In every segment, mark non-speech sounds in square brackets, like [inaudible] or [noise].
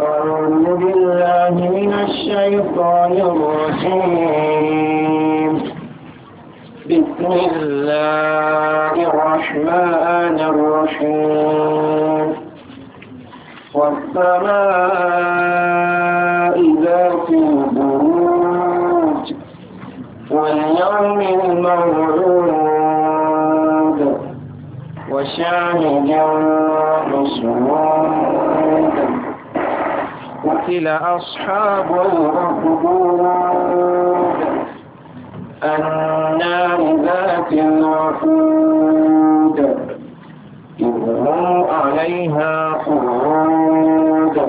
أعوذ بالله من الشيطان الرجيم بسم الله الرحمن الرحيم والسماء ذات البروج واليوم الموعود وشاهد مشهود قتل أصحاب الأخدود النار ذات الوقود إذ هم عليها قعود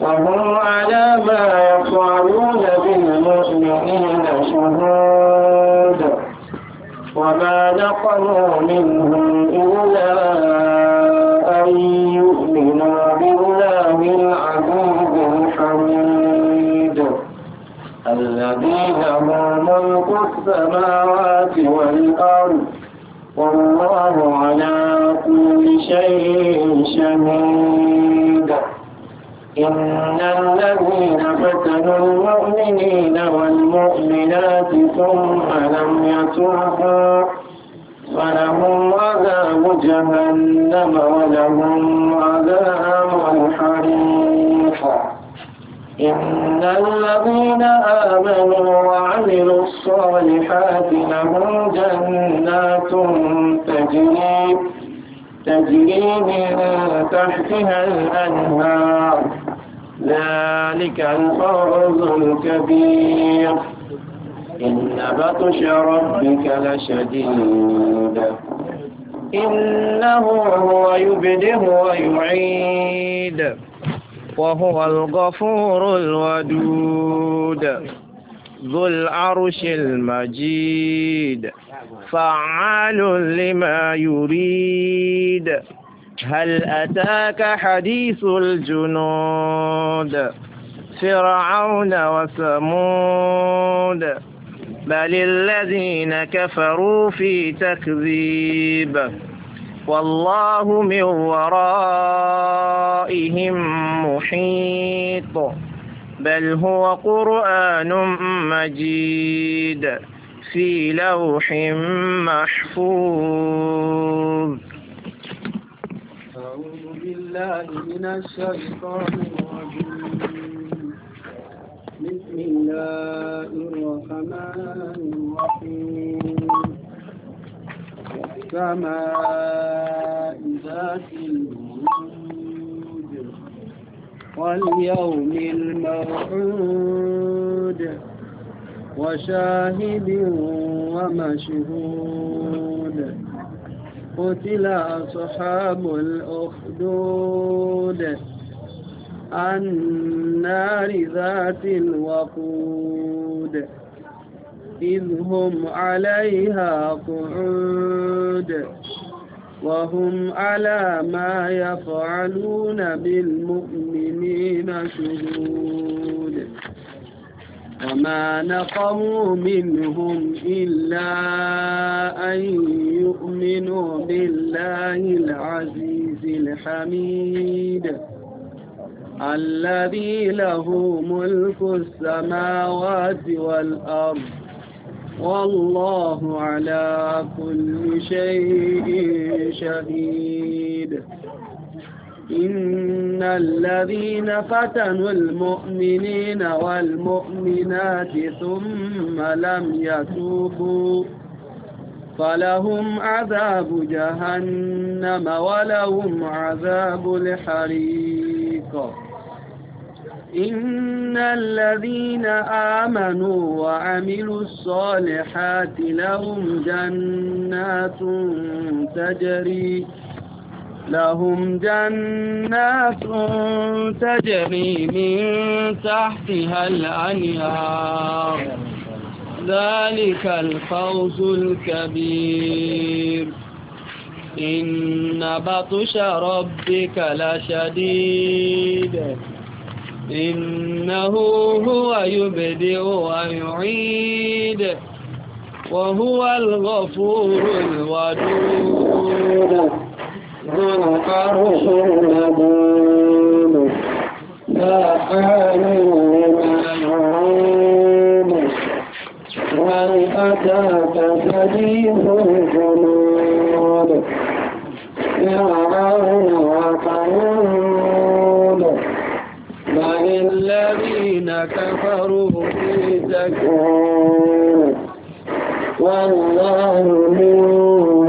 وهم على ما يفعلون بالمؤمنين شهود وما نقلوا منهم السماوات والأرض والله على كل شيء شهيد إن الذين فتنوا المؤمنين والمؤمنات ثم لم يتوبوا فلهم عذاب جهنم ولهم إن الذين آمنوا وعملوا الصالحات لهم جنات تجري تجري من تحتها الأنهار ذلك الفوز الكبير إن بطش ربك لشديد إنه هو يبدئ ويعيد وهو الغفور الودود ذو العرش المجيد فعال لما يريد هل أتاك حديث الجنود فرعون وثمود بل الذين كفروا في تكذيب والله من ورائهم محيط بل هو قرآن مجيد في لوح محفوظ أعوذ بالله من الشيطان الرجيم بسم الله الرحمن الرحيم السماء ذات الوجود واليوم الموعود وشاهد ومشهود قتل أصحاب الأخدود النار ذات الوقود إذ هم عليها قعود وهم على ما يفعلون بالمؤمنين شهود وما نقموا منهم إلا أن يؤمنوا بالله العزيز الحميد الذي له ملك السماوات والأرض والله على كل شيء شهيد إن الذين فتنوا المؤمنين والمؤمنات ثم لم يتوبوا فلهم عذاب جهنم ولهم عذاب الحريق إن الذين آمنوا وعملوا الصالحات لهم جنات تجري لهم جنات تجري من تحتها الأنهار ذلك الفوز الكبير إن بطش ربك لشديد إنه هو يبدئ ويعيد وهو الغفور الودود ذو القرش لا فاعل لما يريد هل أتاك حديث الجنود يا عين وقلوب الذين كفروا في تكون والله من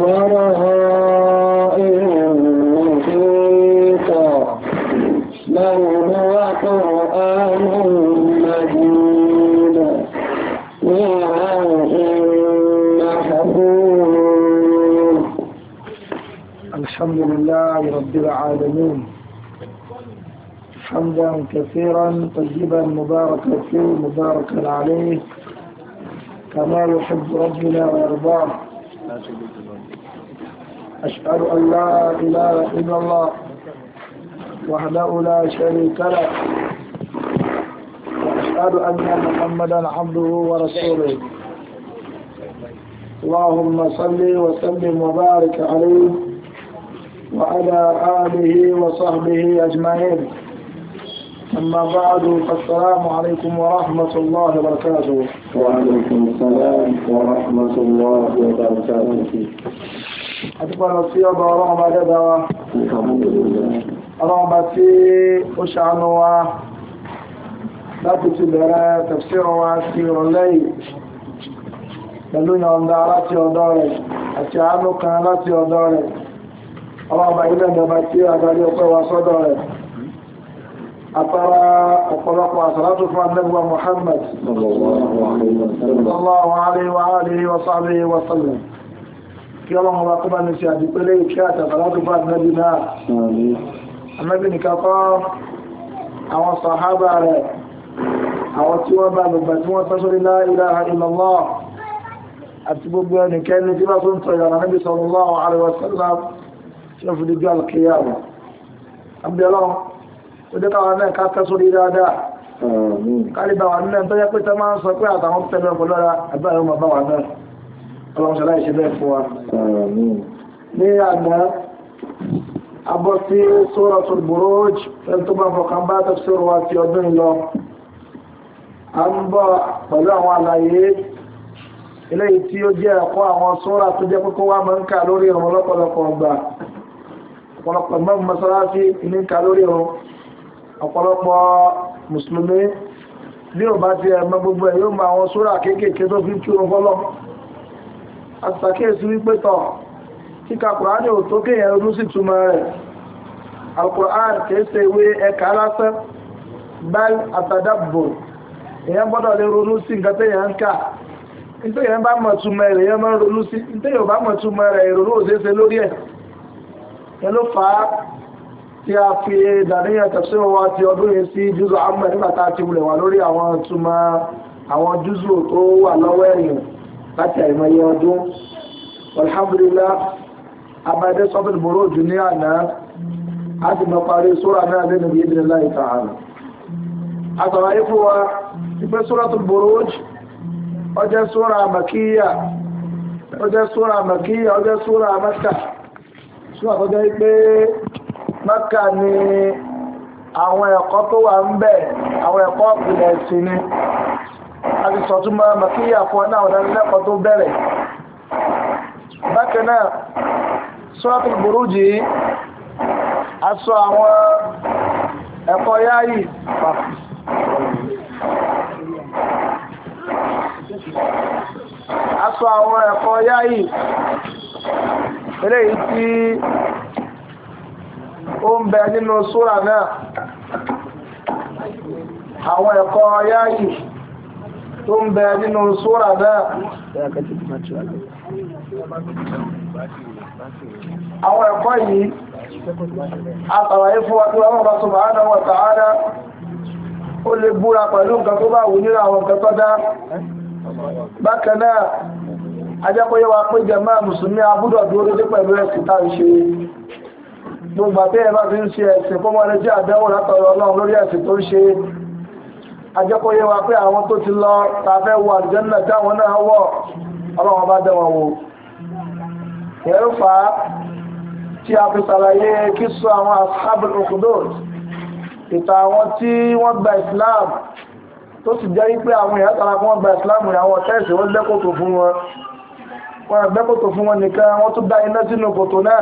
ورائهم محيط بل هو قرآن مجيد الحمد لله رب العالمين حمدا كثيرا طيبا مباركا فيه مباركا عليه كما يحب ربنا ويرضاه أشهد أن لا إله إلا الله وحده لا شريك له وأشهد أن محمدا عبده ورسوله اللهم صل وسلم وبارك عليه وعلى آله وصحبه أجمعين أما بعد فالسلام عليكم ورحمة الله وبركاته وعليكم السلام ورحمة الله وبركاته أتبقى نصيب رغم جدا الحمد لله رغم أشعنوا لا تتبرى تفسير وعسير الليل pẹ̀lú ìyọ̀nda láti ọ̀dọ́ rẹ̀ àti àánú kan láti ọ̀dọ́ rẹ̀ ọlọ́ọ̀bà ilẹ̀ ìjọba tí àtàrà ọ̀pọ̀lọpọ̀ àsàlátù fún annabuwa Muhammad sallallahu alaihi wa alihi wa sahbihi wa sallam kí ọlọ́run ọba kó bá ní sí àdìpẹ́lẹ̀ kí àtàsàlátù fún annabi náà annabi nìkan kọ́ àwọn sàhábà rẹ̀ àwọn tí wọ́n bá gbogbo tí wọ́n sọ́sọ́rí la ilaha illallah àti gbogbo ẹnikẹ́ni tí bá tó ń tọ̀yọ̀ Ànábì sallallahu alaihi wa sallam tí ó fi dìjú alkiyama abdullah òjẹ́káwà náà ká tẹ́ sórí dáadáa kálíbàwà náà tó yẹ pé tẹ́ máa ń sọ pé àtàwọn tẹ́lẹ̀ ọkọ̀ lọ́ra àbáyọ ma bá wà náà ọlọ́mọṣẹ́lá ìṣẹ́ bẹ́ẹ̀ fún wa ní àgbà abọ́ sí Suratul Buruj ẹni tó bá fọkàn bá tẹ́sọ̀rọ̀ wa ti ọdún lọ a ń bọ̀ pẹ̀lú àwọn àlàyé eléyìí tí ó jẹ́ ẹ̀kọ́ àwọn sóra tó jẹ́ kókó wa máa ń kà lórí ìrùn lọ́pọ̀lọpọ̀ ọgbà ọ̀pọ̀lọpọ̀ mọ́ mọ́sálásí ní kà lórí ìrùn ọ̀pọ̀lọpọ̀ mùsùlùmí bí ò maa ti ẹ̀mọ́ gbogbo ẹ̀ yóò máa wọn sóra kéékèèké tó fi kírun fọ́lọ́ àtàkíyèsí wípé tọ̀ kíka kùránì ò tó kéèyàn ronú sí túmọ̀ rẹ̀ alkùránì kìí ṣe ìwé ẹ̀ka lásán ya àtàdàbò èyàn gbọ́dọ̀ lè ronú sí nǹkan tó ń kà tí a fi dàníyàn tẹ̀síwọ̀n wá ti ọdún yìí sí jùzọ àmọ́ nígbàtà ti wulẹ̀ wà lórí àwọn túnmọ̀ àwọn jùzọ tó wà lọ́wọ́ ẹ̀yìn láti àìmọye ọdún alhamdulillah abadé sọ́bìn bòrò jù ní àná a ti mọ parí sóra náà lẹ́nu bí ibi nílá ìta àná a sọ̀rọ̀ ayé fún wa ìpé sóra tó bòrò jù ọjẹ́ sóra makíyà ọjẹ́ sóra makíyà ọjẹ́ sóra mẹ́ta sóra tó jẹ́ pé maka ni àwọn ẹ̀kọ́ tó wà ń bẹ̀ àwọn ẹ̀kọ́ ìpìlẹ̀ ẹ̀sìn ni a ti sọ túnmọ́ mẹ́kíyà fún ọ àwọn ẹ̀kọ́ yáyì àwọn ẹ̀kọ́ ó ń bẹ nínú súra náà àwọn ẹ̀kọ́ yáyì tó ń bẹ nínú a náà àwọn ẹ̀kọ́ yìí àtàwàyé fún wa tí wọ́n bá subhanahu wa ta'ala ó lè búra pẹ̀lú nǹkan tó bá wù nínú àwọn nǹkan tó dá bákan ajẹ́kọ́yẹ́wà pé jẹ́ máa mùsùlùmí dédé pẹ̀lú ẹ̀sìn táà ń gbogbo àti ẹ̀bá fi ń ṣe ẹ̀sìn kó mọ́rẹ́ jẹ́ àdánwò látọ̀rọ̀ ọlọ́run lórí ẹ̀sìn tó ń ṣe ajẹ́kọ̀ọ́yé wa pé àwọn tó ti lọ tàfẹ́ wọ àlùjànnà táwọn náà wọ̀ ọlọ́run bá dẹ̀wọ̀n wò ẹ̀rù fà á tí a fi ṣàlàyé kí sọ àwọn ashabul ukhdud ìta àwọn tí wọ́n gba islam tó sì jẹ́ wípé àwọn èèyàn tara kí wọ́n gba islam àwọn tẹ́ẹ̀sì wọ́n gbẹ́kòtò fún wọn wọ́n gbẹ́kòtò fún wọn nìkan wọ́n tún dá iná sínú kòtò náà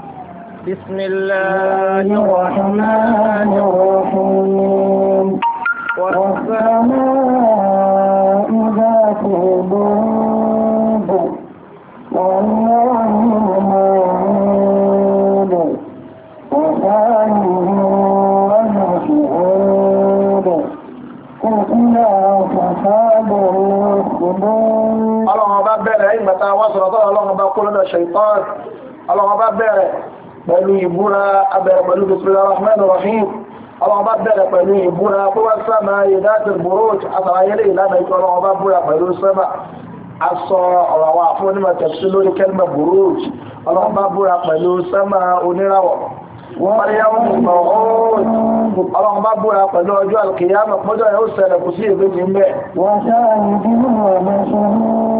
بسم الله الرحمن الرحيم والسماء ذات البوب والله المعيد وثاني والمشهود قتلى أصحاب الخدود الله ما بيرها إما تاوصل الله ما بقول الشيطان الله ما بيرها pẹ̀lú ìbúra abẹ̀rẹ̀ pẹ̀lú bismillah rahman rahim àwọn ọba bẹ̀rẹ̀ pẹ̀lú ìbúra kó wá sáàmà ìdájọ́ burúj àtàwáyẹ́lẹ̀ ìlànà ìtọ́ àwọn ọba búra pẹ̀lú sábà aṣọ ọ̀rọ̀ àwọn àfúnnímọ̀ tẹ̀sí lórí kẹ́lìmọ̀ burúj àwọn ọba búra pẹ̀lú sábà oníràwọ̀ Ọlọ́run bá búra pẹ̀lú ọjọ́ alkìyàmọ̀ pọ́jọ́ yóò ṣẹlẹ̀ kò sí ìbéjì ń bẹ̀.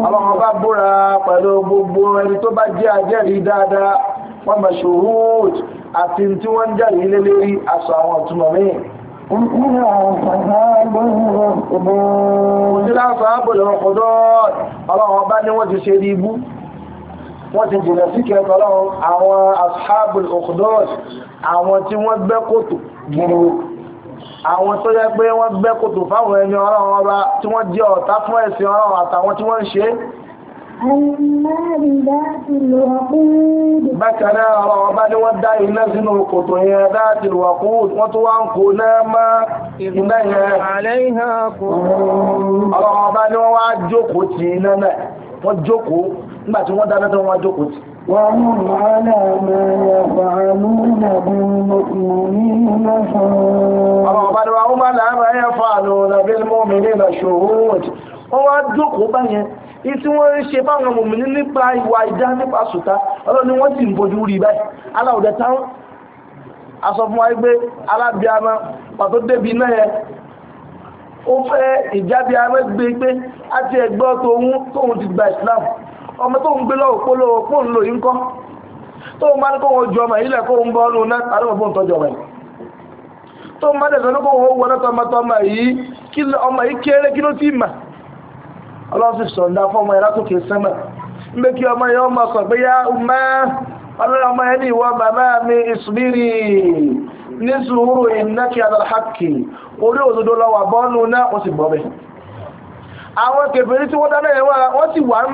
Ọlọ́run bá búra pẹ̀lú gbogbo ẹni tó bá jẹ́ àjẹ́rí dáadáa wọ́n mashhud àti tí wọ́n ń jáde ilé lérí aṣọ àwọn ọ̀túnmọ̀ míì wọ́n ti jìnà sí kẹta lọ́wọ́ àwọn ashabul ukhdud àwọn tó yẹ pé wọ́n gbẹ́ fáwọn ẹni ọlọ́run ọba tí wọ́n jẹ́ ọ̀tá fún ẹ̀sìn ọlọ́run àtàwọn tí wọ́n ń ṣe النار ذات الوقود bákan náà ọ̀rọ̀ ọba ni wọ́n dá iná sínú kòtò yẹn ذات الوقود wọ́n tó wá ń kò náà má iná yẹn ọ̀rọ̀ ọba ni wọ́n wá jókòó ti iná náà wọ́n شهود. wọ́n wá jókòó báyẹn ìtí wọ́n ń ṣe báwọn mòmìnì nípa ìwà ìdá nípa sùta ọlọ́run ni wọ́n sì ń rí báyìí aláwọ̀dẹ̀ táwọn aṣọ fún wa alábíàmá pàtó débi náà yẹn ó fẹ́ ìjábíàmá gbé pé ti ẹgbẹ́ tóun tóun ti gba Islam ọmọ tóun gbé lọ́wọ́ yín kọ́ tóun bá ní kó wọn kó wọn bọ́ ọ́nù náà tóun bá dẹ̀ ọlọ́sì sọ̀ndá fọ́mọ ẹ̀látòkè sẹ́mẹ̀ mbé kí ọmọ yẹn ọmọ sọ pé yá ọmọ ọlọ́rọ̀ ọmọ ẹni ìwọ bàbá mi ìsúbírì ní sùúrù ìnákì aláhàkì orí òdodo lọ bọ́ọ̀nù náà ó sì bọ́bẹ̀ àwọn kèfèrí tí wọ́n dáná wọ́n sì wà ń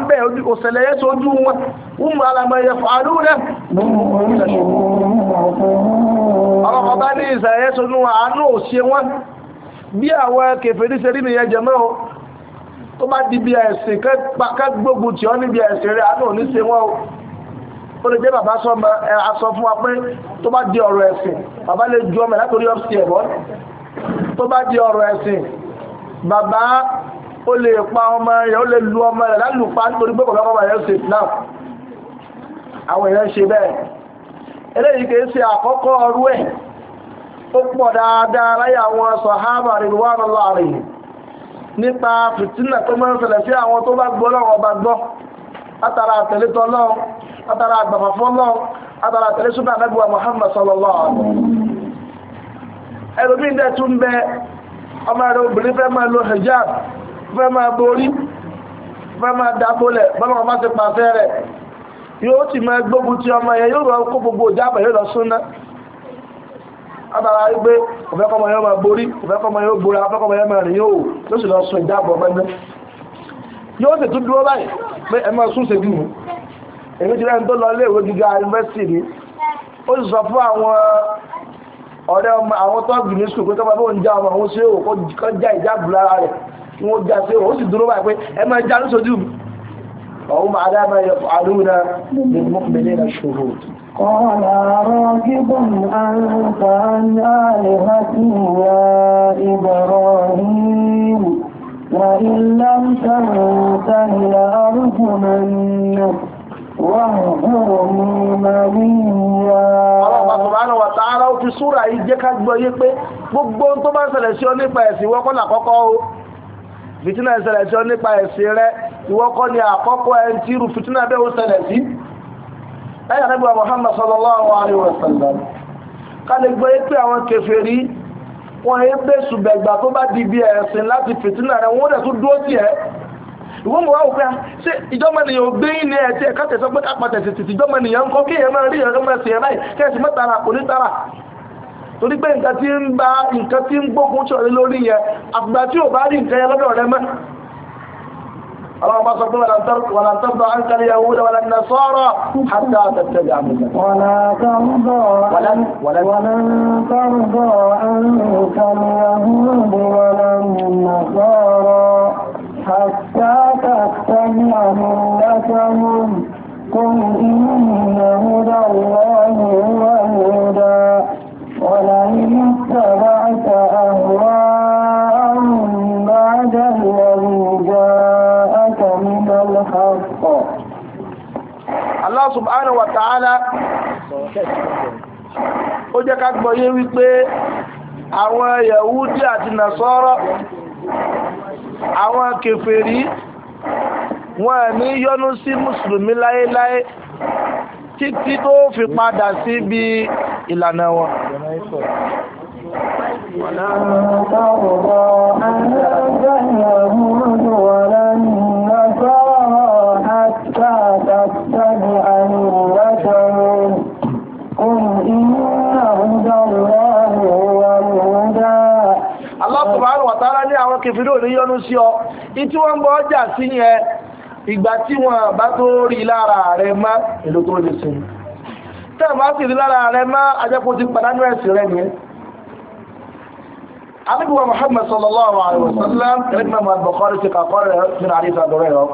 tó wọn wọ́n mú alamọ̀ yẹn fún rẹ̀ bá ní tó bá di bí ẹ̀sìn kẹ́gbógun tí ó níbi ẹ̀sìn rẹ̀ àánú òní ṣe wọ́n ó lè jẹ́ bàbá sọ́mọ aṣọ fún wa pé tó bá di ọ̀rọ̀ ẹ̀sìn bàbá lè ju ọmọ látòrí ọ̀sì ẹ̀bọ́ tó bá di ọ̀rọ̀ ẹ̀sìn bàbá ó lè pa ọmọ rẹ̀ ó lè lu ọmọ rẹ̀ lálùpá nítorí pé kọ̀ọ̀kan ọmọ rẹ̀ ṣe islam àwọn èèyàn ṣe bẹ́ẹ̀ eléyìí kìí ṣe àkọ́kọ́ ọrú ẹ̀ ó pọ̀ dáadáa láyé àwọn sàhábà rẹ̀ wà lọ́lọ́ àrẹ̀ nípa fìtínà tó máa ń ṣẹlẹ̀ sí àwọn tó bá gbọ́ lọ́wọ́ ọba gbọ́ látara àtẹ̀lẹ́tọ̀ lọ́wọ́ látara àgbàfàfọ́ látara àtẹ̀lẹ́ súnà nẹ́gbà Muhammad sallallahu alaihi wasallam tún bẹ ọmọ rẹ̀ obìnrin fẹ́ máa lo hijab fẹ́ máa borí fẹ́ máa dábólẹ̀ bọ́lá ti látara wípé ọ̀fẹ́kọ́mọ yóò máa borí ọ̀fẹ́kọ́mọ yóò borí afẹ́kọ́mọ yóò máa rìn yóò tó sì lọ sùn ìdáàbò ọgbẹ́gbẹ́ yóò sì tún dúró báyìí pé ẹ máa sún ṣe bí mi èmi ọ̀hún máa dá máa yẹ fún náà ní mọ́kùnrin ṣòro قال راجب أنت عن آلهتي يا إبراهيم وإن لم تنته لأرجمنك Ọlọ́pàá Subhanahu wa Ta'ala ó fi súra yìí jẹ́ ká gbọ́ yé pé gbogbo tó bá ń ṣẹlẹ̀ sí ọ nípa ẹ̀sìn ìwọ kọ́ ni àkọ́kọ́ o. Fìtínà ń ṣẹlẹ̀ sí ọ nípa ẹ̀sìn rẹ, ìwọ kọ́ ni àkọ́kọ́ ẹni tí irú fìtínà bẹ́ẹ̀ ó ṣẹlẹ̀ sí. ẹ̀yà nígbà Muhammad sallallahu alaihi wasallam ká lè gbọ́ pé àwọn kèfèrí wọ́n yé bẹ́sù bẹ̀gbà tó di bí ẹ̀sìn lati fìtínà rẹ̀ wọ́n dẹ̀ tún dúró sí ẹ̀ ìwọ́n mọ̀ wá òpin à ah, ya ìjọba ènìyàn ò gbé ní ẹ̀tí ẹ̀ká ya pé ń kọ́ kí máa rí ẹ̀rọ torí pé nǹkan tí ń gbógun اللهم صل ولا ترضى ولا ترضى عنك اليهود ولا النصارى حتى تتبع ملتهم ولا ترضى ولن ولن ولن ترضى عنك اليهود ولا النصارى حتى تتبع ملتهم قل إن هدى الله هو الهدى ولئن اتبعت أهواءهم بعد Allah subhanahu wa ta'ala ó jẹ́ ká gbọ́yé wípé àwọn Yahudi àti Nasara àwọn kèfèrí wọn ní yọ́nú sí mùsùlùmí láéláé títí tó fi padà sí bí ìlànà wọn ولا ترضى أن ní àwọn kèfèrè ò ní yọ́nú sí ọ ìtí wọ́n ń bọ́ ọjà sí yẹn ìgbà tí wọ́n bá tó rí lára rẹ má èlò tó lè sìn tẹ́ bá sì rí lára rẹ má ajẹ́kùn ti pàdánù ẹ̀sìn rẹ nìyẹn abubuwa muhammad sallallahu alaihi wasallam ẹgbẹ́ mọ̀ bọ̀kọ́rì ti kàkọ́rì rẹ̀ nínú àdíta dọ̀rẹ́ rọ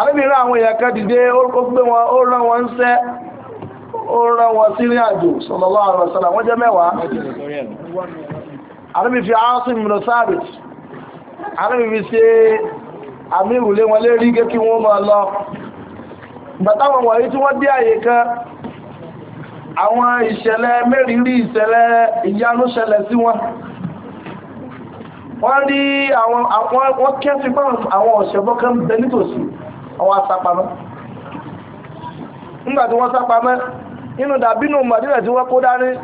arábìnrin àwọn èèyàn kan dìde ó gbé wọn ó rán wọn ń sẹ́ ó rán wọn sí ìrìn àjò sallallahu alaihi wasallam wọ́n jẹ́ mẹ́wàá ànábì fi aásùn ìmìnà sáàbìt ànábì fi ṣe àmì ìrùlé wọn lérí gé kí wọ́n máa lọ gbàtàwọn wọ̀nyí tí wọ́n dé àyè kan àwọn ìṣẹ̀lẹ̀ mẹ́rìnrí ìṣẹ̀lẹ̀ ìyanu ṣẹlẹ̀ sí wọn wọ́n rí àwọn wọ́n kẹ́sí àwọn ọ̀ṣẹ̀bọ́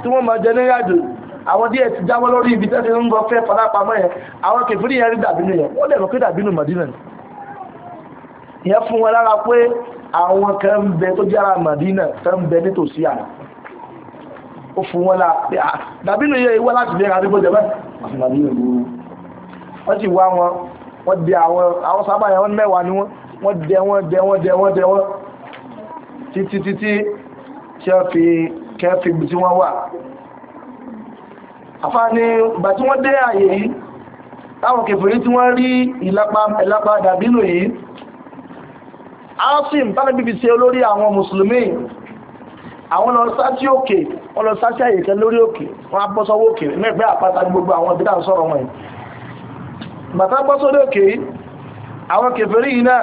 tí wọ́n àwọn díẹ̀ ti jáwọ́ lórí ibi tẹ́sí ń gọ fẹ́ fọlápamọ́ yẹn àwọn kẹfìrí yẹn rí dàbínú yẹn wọ́n lè mọ̀ pé dàbínú Màdínà yẹn fún wọn lára pé àwọn kan ń bẹ tó jẹ́ ara Màdínà tó ń bẹ nítòsí àná ó fún wọn la pé à ah, dàbínú yẹn ìwọ́ láti bẹ̀rẹ̀ àdúgbò jẹ́ bẹ́ẹ̀ àti Màdínà gbòòrò wọ́n ti wá wọn wọ́n dẹ àwọn àwọn sábà yẹn wọ́n mẹ́wàá ni wọ́n wọ́n dẹ wọ́n dẹ wọ́n dẹ wọ́n dẹ wọ́n títí títí tí wọ́n fi kẹ́ẹ̀fì tí wọ́n wà afá ni ìgbà tí wọ́n dé àyè yìí táwọn kèfèrí tí wọ́n rí ìlapa dàbínú yìí alsim tánà bíbi ṣe olórí àwọn mùsùlùmí àwọn lọ sátí òkè wọ́n lọ sátí àyèkẹ́ lórí òkè wọ́n abọ́sọ́wọ́ òkè mẹ́gbẹ́ àpáta gbogbo àwọn ìbídà ń sọ̀rọ̀ wọn bàtà gbọ́sọ́dọ̀ òkè àwọn kèfèrí yìí náà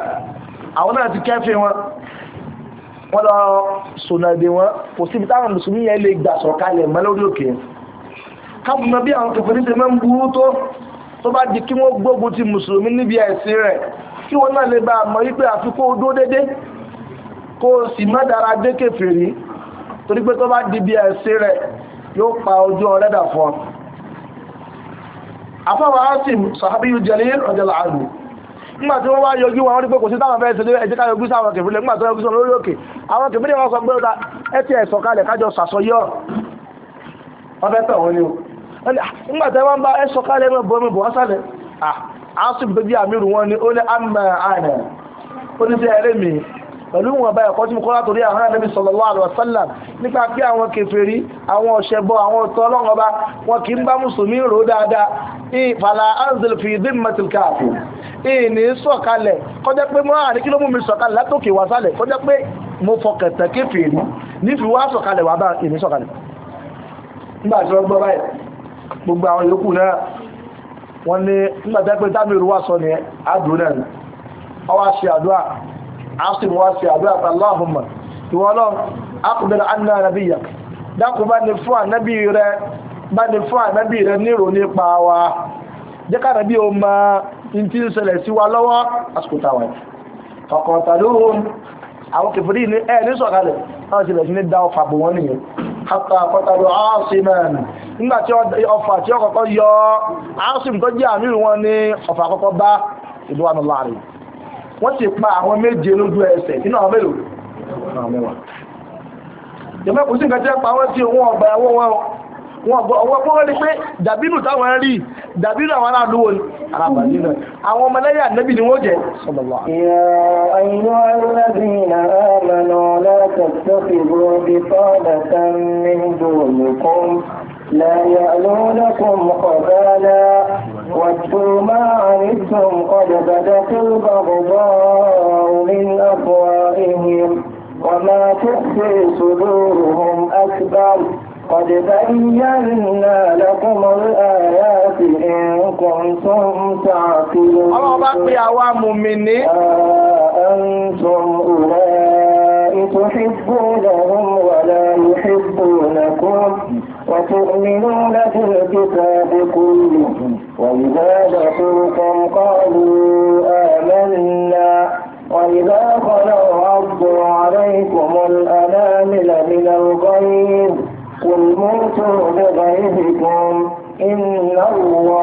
àwọn náà ti kẹ́fẹ́ wọn wọ́n lọ sọ̀nà èdè wọn kò síbi táwọn mùsùlùmí yẹn kábùnà bí àwọn kẹfẹ́ níṣẹ́ mẹ́ ń burú tó tó bá di kí wọ́n gbógun ti mùsùlùmí níbi ẹ̀sìn rẹ̀ kí wọ́n náà lè bá mọ̀ wípé àfikún odó dédé kó o sì má dára dé kèfèrí torí pé tó bá di bí ẹ̀sìn rẹ̀ yóò pa ojú ọ̀rẹ́ dà fún ọ. àfọwọ́ asim sahabiyu jalil radiyallahu anhu nígbà tí wọ́n wá yọjú wọn rí pé kò sí táwọn fẹ́ẹ́ ṣe ẹ̀jẹ̀ ká yọjú sáwọn kèfèrí nígbà tó yọjú sọ lórí òkè àwọn kèfèrí wọn sọ pé ó da ẹ ti ẹ̀sọ̀ kalẹ̀ kájọ sàsọyọ́ wọn fẹ́ tẹ̀ ni o Ah, nígbà tí wọ́n bá ẹ sọ kálẹ̀ ẹ̀mọ̀ bọ́ ẹ̀mọ̀ bọ́ sálẹ̀ àásù ah, tó bí àmì wọn ni ó ní àmà àná ó ní sí ẹ̀rẹ́ mi pẹ̀lú wọn bá ẹ̀kọ́ tí mo kọ́ látòrí àwọn ẹ̀mí sallallahu alaihi wasallam nípa pé àwọn kèfèrí àwọn ọ̀ṣẹ̀bọ àwọn ọ̀tọ̀ ọlọ́ngọba wọn kì í bá mùsùlùmí rò dáadáa ìfàlà anzil fi dhimmatil kafir ìní sọ̀kalẹ̀ kọjá pé mọ́ àrí gbogbo àwọn yòókù náà wọ́n ní nígbàtẹ́pẹ́ tábìrì wà sọ ní àdúró náà ọwá ṣe àdúrà áṣìmọ̀ wá ṣe àdúrà pàláhùnmà ìwọ́lọ́ akùnbẹ̀rẹ̀ anna nàbíyà dákùn bá ní fún ànábì rẹ bá ní fún ànábì rẹ nírò nípa wa jẹ́ ká nàbí o ma sí wa ẹ̀ ní sọ̀kalẹ̀ láwọn sí ní dá ọfà bò wọ́n hàtà àkọ́tàlù Asiman nígbàtí ọfà tí ọkọ̀kọ́ yọ Asim tó jẹ́ àmì wọn ní ọfà àkọ́kọ́ bá ìlú àmì láàrin wọ́n ti pa àwọn méje lójú ẹsẹ̀ nínú àwọn mélòó ọwọ́ fún wọn ni pé dàbínú táwọn rí dàbínú àwọn aláàdúwò ni arábàdí àwọn ọmọlẹ́yà nẹ́bì ni wọ́n jẹ́ sọ̀lọ̀lọ́ لا يعلونكم خبالا واتقوا ما قد بدت البغضاء من أفواههم وما تخفي صدورهم قد بينا لكم الآيات إن كنتم تعقلون ọlọ́run bá pé àwa mùmìnì أنتم أولئك تحبونهم ولا يحبونكم وتؤمنون بالكتاب كله وإذا دخلتم قالوا آمنا وإذا خلوا عضوا عليكم بكم إن الله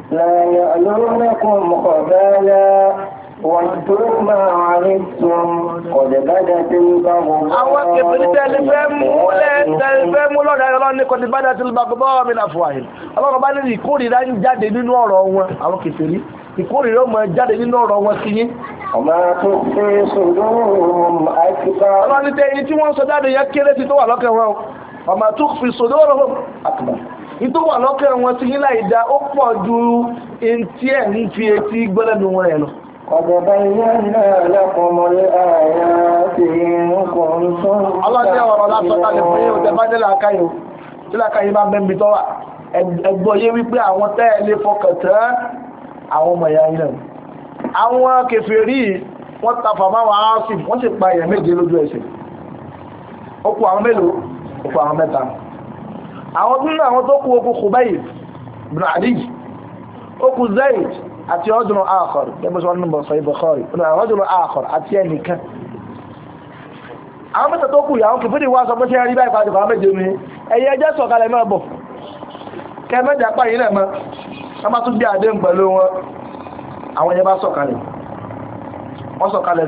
لا يألونكم خبالا وانتم ما عرفتم قد بدت البغضاء أوك بالتلفم ولا التلفم ولا يرون قد nínú ọ̀rọ̀ wọn àwọn kèfèrí ìkórìíra ọmọ jáde nínú ọ̀rọ̀ wọn sí yín. ọmọ tó ṣe sòdó àìsíkà. ọlọ́run ní tẹ́yìn tí wọ́n sọ jáde yẹn kéré ti tó wà lọ́kàn wọn ọmọ tó fi sòdó ọ̀rọ̀ àkùnà nítorí wà lọ́kẹ́ wọn ti yín láì dá ó pọ̀ ju ntí ẹ̀ ń fi etí gbọ́lẹ́nu wọn ẹ̀ lọ. Ọ̀dọ̀dọ̀ ilé náà lẹ́kọ̀ọ́mọlé ààyè ti ń kọ̀ ń sún. Ọlọ́dẹ ọ̀rọ̀ lásọ̀tà lè fún yóò tẹ́ bá dé làákàyò. Tí làákàyò bá bẹ́ẹ̀ bí tọ́ wà. Ẹgbọ́ yé wípé àwọn tẹ́ ẹ lè fọkàn tán àwọn ọmọ ìyá ilẹ̀. Àwọn kèfèrí wọ́n ta fàmà wọn á sì wọ́n sì pa èèyàn méje lójú ẹsẹ̀. Ó kù àwọn mélòó? Ó kù àwọn mẹ́ta àwọn nínú àwọn tó kú okùn Khubayb bin Ali okùn Zayd àti ọdún àkọr gẹ́gbẹ́ sọ nínú bọ̀sọ̀ ibọ̀kọ́rì ọdún àkọr àti ẹnìkan àwọn mẹ́ta tó kù yà àwọn kìfìdí wá sọ pé ṣe rí báyìí pàdé fàá méje ní ẹ̀yẹ ẹjẹ́ sọ̀kalẹ̀ náà bọ̀ kẹ́mẹ́jà wọ́n bá bá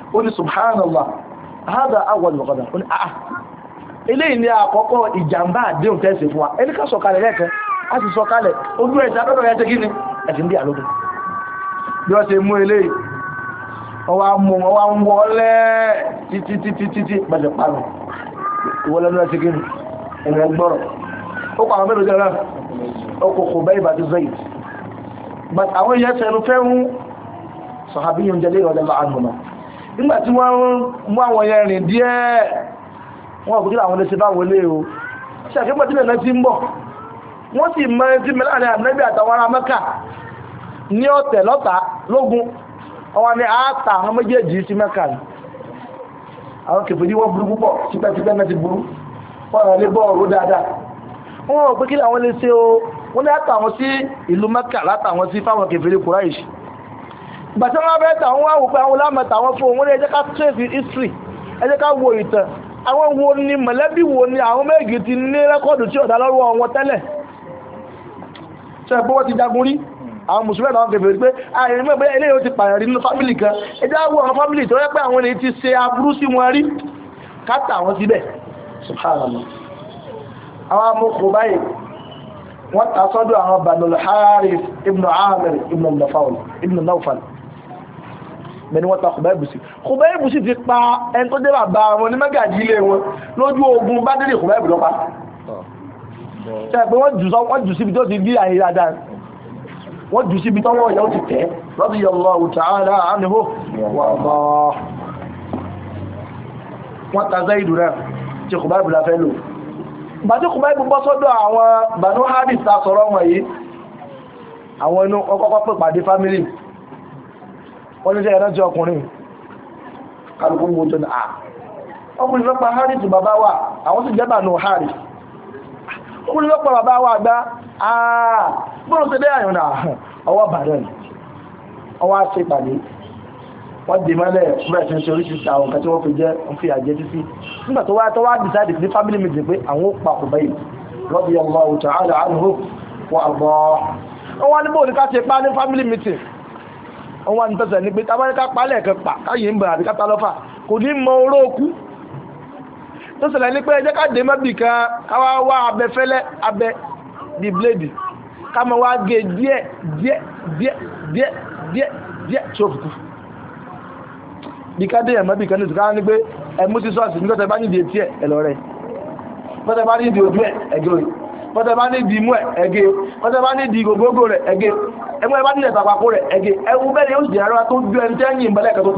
oni subhanallah hada awwal ọ̀gọ́dà ó ní àà ah, ah. eléyìí ni àkọ́kọ́ ìjàmbá àdéhùn tẹ́sí fún wa ẹni ká sọ̀kalẹ̀ lẹ́ẹ̀kan a sì sọ̀kalẹ̀ ojú ẹ̀sẹ̀ abẹ́bẹ̀ rẹ̀ ṣe kí ni ẹ̀sìn bí àlógún ọwa wọ́n ṣe mú eléyìí ọwọ́ amú ọwọ́ ń wọlé títí but nígbà tí wọ́n mú àwọn yẹn rìn díẹ̀ wọ́n kò kíra àwọn léṣe bá wọlé o ṣe àkẹ́gbẹ́ tí lẹ́nà ti ń bọ̀ wọ́n sì mọ ẹni tí mẹ́lá ní mẹ́kà ní ọ̀tẹ̀ lọ́ta lógún ọwọ́ ni àátà àwọn méjèèjì sí mẹ́kà ni àwọn kèfèrí wọ́n burú púpọ̀ tipẹ́tipẹ́ náà ti burú wọ́n rẹ̀ lé bọ́ọ̀rù dáadáa wọ́n rò pé kí o wọ́n ní àtàwọn sí ìlú mẹ́kà látàwọn sí fáwọn gbàtí wọ́n bẹ́ẹ̀ tà wọ́n wá pé àwọn lámẹ̀tà wọn fún òun ní ká trace history ẹ jẹ́ ká wo ìtàn àwọn wo ni mọ̀lẹ́bí wo ni àwọn méjì ti ní rẹ́kọ́ọ̀dù tí ọ̀dà lọ́wọ́ wọn tẹ́lẹ̀ ṣe pé wọ́n ti jagun rí àwọn mùsùlùmí àwọn kẹfẹ́ pé àìrí ah, mọ̀ pé eléyìí ó ti pààyàn rí nínú fámìlì kan ẹ jẹ́ àwọn subhanallah àwọn amókò báyìí wọ́n ta sọ́dọ̀ àwọn Banul Harith ibn Amir ibn Nawfal bẹ́ni wọ́n ta kùbẹ́ẹ̀bù sí kùbẹ́ẹ̀bù sí ti pa ẹni tó dé bàbá wọn ní mẹ́gàjì ilé wọn lójú ogun bá délé kùbẹ́ẹ̀bù lọ́pa ṣẹ́gbẹ́ wọ́n jù síbi tó ti bí àyè dáadáa wọ́n jù síbi tọ́wọ́ ìyàwó ti tẹ́ radiyallahu ta'ala anhu wọ́n ta Zaidu náà tí kùbẹ́ẹ̀bù la fẹ́ lò bàtí kùbẹ́ẹ̀bù bọ́ sọ́dọ̀ àwọn Banu Hadith ta sọ̀rọ̀ wọ́n ní jẹ́ ẹ̀rọ́jẹ́ ọkùnrin kálukú ń gbójọ́ náà ah, ọkùnrin lọ́pa harris bàbá wa àwọn sì jẹ́bà nù harris ọkùnrin lọ́pa bàbá wa gbá àà gbọ́nà ah, tó dé àyàn náà ọwọ́ bàdàn ọwọ́ àti ìpàdé wọ́n dè mọ́lẹ̀ fúrẹ́sì ṣe oríṣiríṣi àwọn nǹkan tí wọ́n fi jẹ́ ń fi àjẹ́ títí nígbà tó wá tó wá dìsáàdì sí fámílì méjì pé àwọn ó pa ọ̀bẹ yìí radiyallahu ta'ala anhu wa àgbọ̀ wọ́n wá ní bóòlù ká ṣe pa ní fámílì meeting wọ́n wá ní tọ́sẹ̀ ní pé tábáríká palẹ̀ kan pa káyé ń bẹ̀rẹ̀ àti káta lọ́fà kò ní mọ oró okú tọ́sẹ̀ ní pé ẹjẹ́ káde mẹ́bì kan káwá wá abẹ fẹ́lẹ́ abẹ di bíléèdì ká máa wá gé díẹ̀ díẹ̀ díẹ̀ díẹ̀ díẹ̀ díẹ̀ tí ó fi kú bí káde ẹ̀ kan ní ìsìnká ní pé ẹ sí sọ́ọ̀sì ní bá ní ìdí etí ẹ̀ ẹ̀ lọ bá ní ìdí ojú ẹ̀ ẹ̀gẹ́ bọ́tẹ̀ bá ní di imú ẹ̀ ẹ̀gẹ́ bọ́tẹ̀ bá ní di gògógó rẹ̀ ẹ̀gẹ́ ẹgbẹ́ bá ní ẹ̀sà rẹ̀ ẹ̀gẹ́ ẹwú bẹ́ẹ̀ yóò jẹ́ ara tó ju ẹni tẹ́yìn ìbẹ̀lẹ̀kẹ́ tó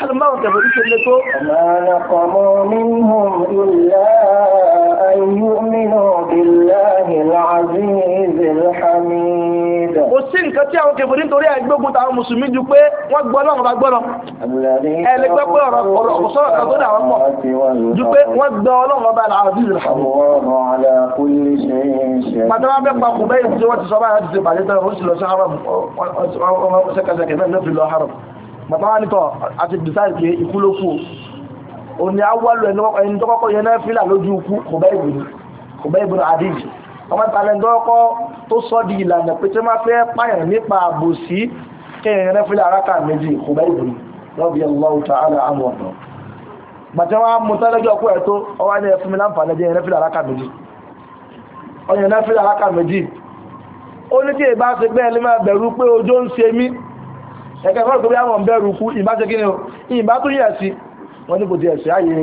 kálùmọ́ àwọn kẹfẹ́ ní ṣe lé tó. Màánà kọ̀mọ́ nínú ìlà ayú nínú ìlà ìlà àjí ìzìlẹ̀ hamida. Kò sí nǹkan tí àwọn kẹfẹ́ nítorí àìgbógun táwọn Mùsùlùmí ju pé wọ́n gbọ́ lọ́wọ́ bá gbọ́ lọ. Ẹni pé pé ọ̀rọ̀ ọ̀sọ́rọ̀ kan tó dà wọ́n pọ̀ ju pé wọ́n gbọ́ ọlọ́wọ́ bá làwọn àjí ìzìlẹ̀ hamida. Pàtàkì wọn fẹ́ pa kù bẹ́ẹ̀ tí wọ́n ti sọ báyìí láti ṣe bàjẹ́ tẹ́lẹ̀ wọ́n sì lọ sí haram. Wọ́n ṣẹ́kẹ́ṣẹ́kẹ́ náà bàbá wá nítọ̀ àti bìsáì pé ikú ló kú o ní awọ́lù ẹni tó kọ́kọ́ yẹn náà fílà lójú ikú kò bẹ́ ìbìnú kò bẹ́ ìbìnú àdíjì ọmọ ìtàlẹ̀ tó kọ́kọ́ tó sọ di ìlànà pé tí wọ́n fẹ́ pààyàn nípa àbòsí kẹyìn rẹ fílà aráka méjì kò bẹ́ ìbìnú lọ́bí Allahu ta'ala àmọ́ ọ̀nà gbàtẹ́ wọ́n á mú tẹ́lẹ́jọ́ ọkọ̀ ẹ̀ tó ọwọ́ ní ẹ̀fún mi láǹfààní jẹ́ ẹ̀rẹ́fìlà aráka méjì ọ̀yẹ̀rẹ́fìlà aráka méjì ó ní tí èbá ṣe gbẹ́ ẹni máa bẹ̀rù pé ojó ń ṣe mí ẹ̀kẹ́ fọ́n tó bí àwọn bẹ̀rù kú ìbá ṣe kíni o ìbá tó yẹ̀ sí wọ́n ní kò ti ẹ̀sì ayé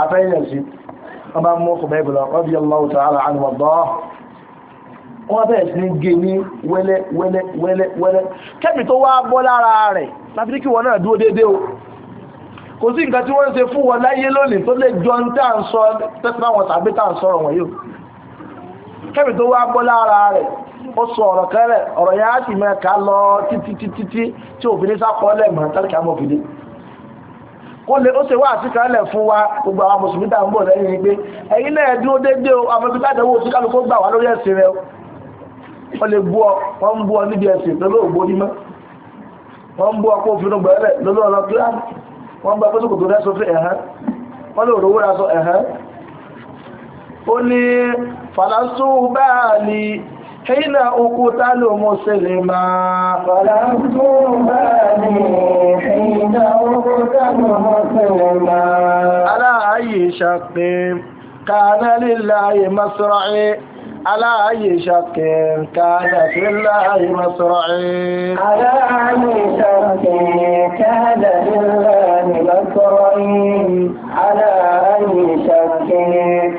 afẹ́yẹ̀ sí wọ́n bá mú ọkọ̀ bẹ́ẹ̀bù lọ wọ́n bí ọlọ́ òtò àlọ́ àni wọ́n bọ́ wọ́n bẹ̀rẹ̀ sí ní gé ní wẹ́lẹ́ wẹ́lẹ́ wẹ́lẹ́ wẹ́lẹ́ kẹ́mi tó wá bọ́ lára fún wọn láyé lónìí tó lè ó sọ ọ̀rọ̀ kẹrẹ ọ̀rọ̀ yẹn á sì mẹ́ka lọ títí títí tí òfin sápọ̀lẹ̀ mọ̀ tẹ́lẹ̀kà mọ̀ fìdí kó lè ó se wá àtìkálẹ̀ fún wa gbogbo àwọn mùsùlùmí dà ń bọ̀ lẹ́yìn o àwọn ibi tájọ owó síkálukú gbà wá lórí ẹ̀sìn rẹ lè bú ọ ọ níbi ẹ̀sìn wọ́n ń bú ọ kó fi gbẹ̀rẹ̀ lọ́lọ́ ah, wọ́n ń bá pé sókòtò rẹ̀ sófin ẹ̀hán wọ́n lè òrówó ra sọ حين أقتل مسلما فلمتوباني حين أقتل مسلما على أي شق كان لله مصرعي على أي شك كان في الله مصرعي على أي شك كان في الله مصرعي على أي شك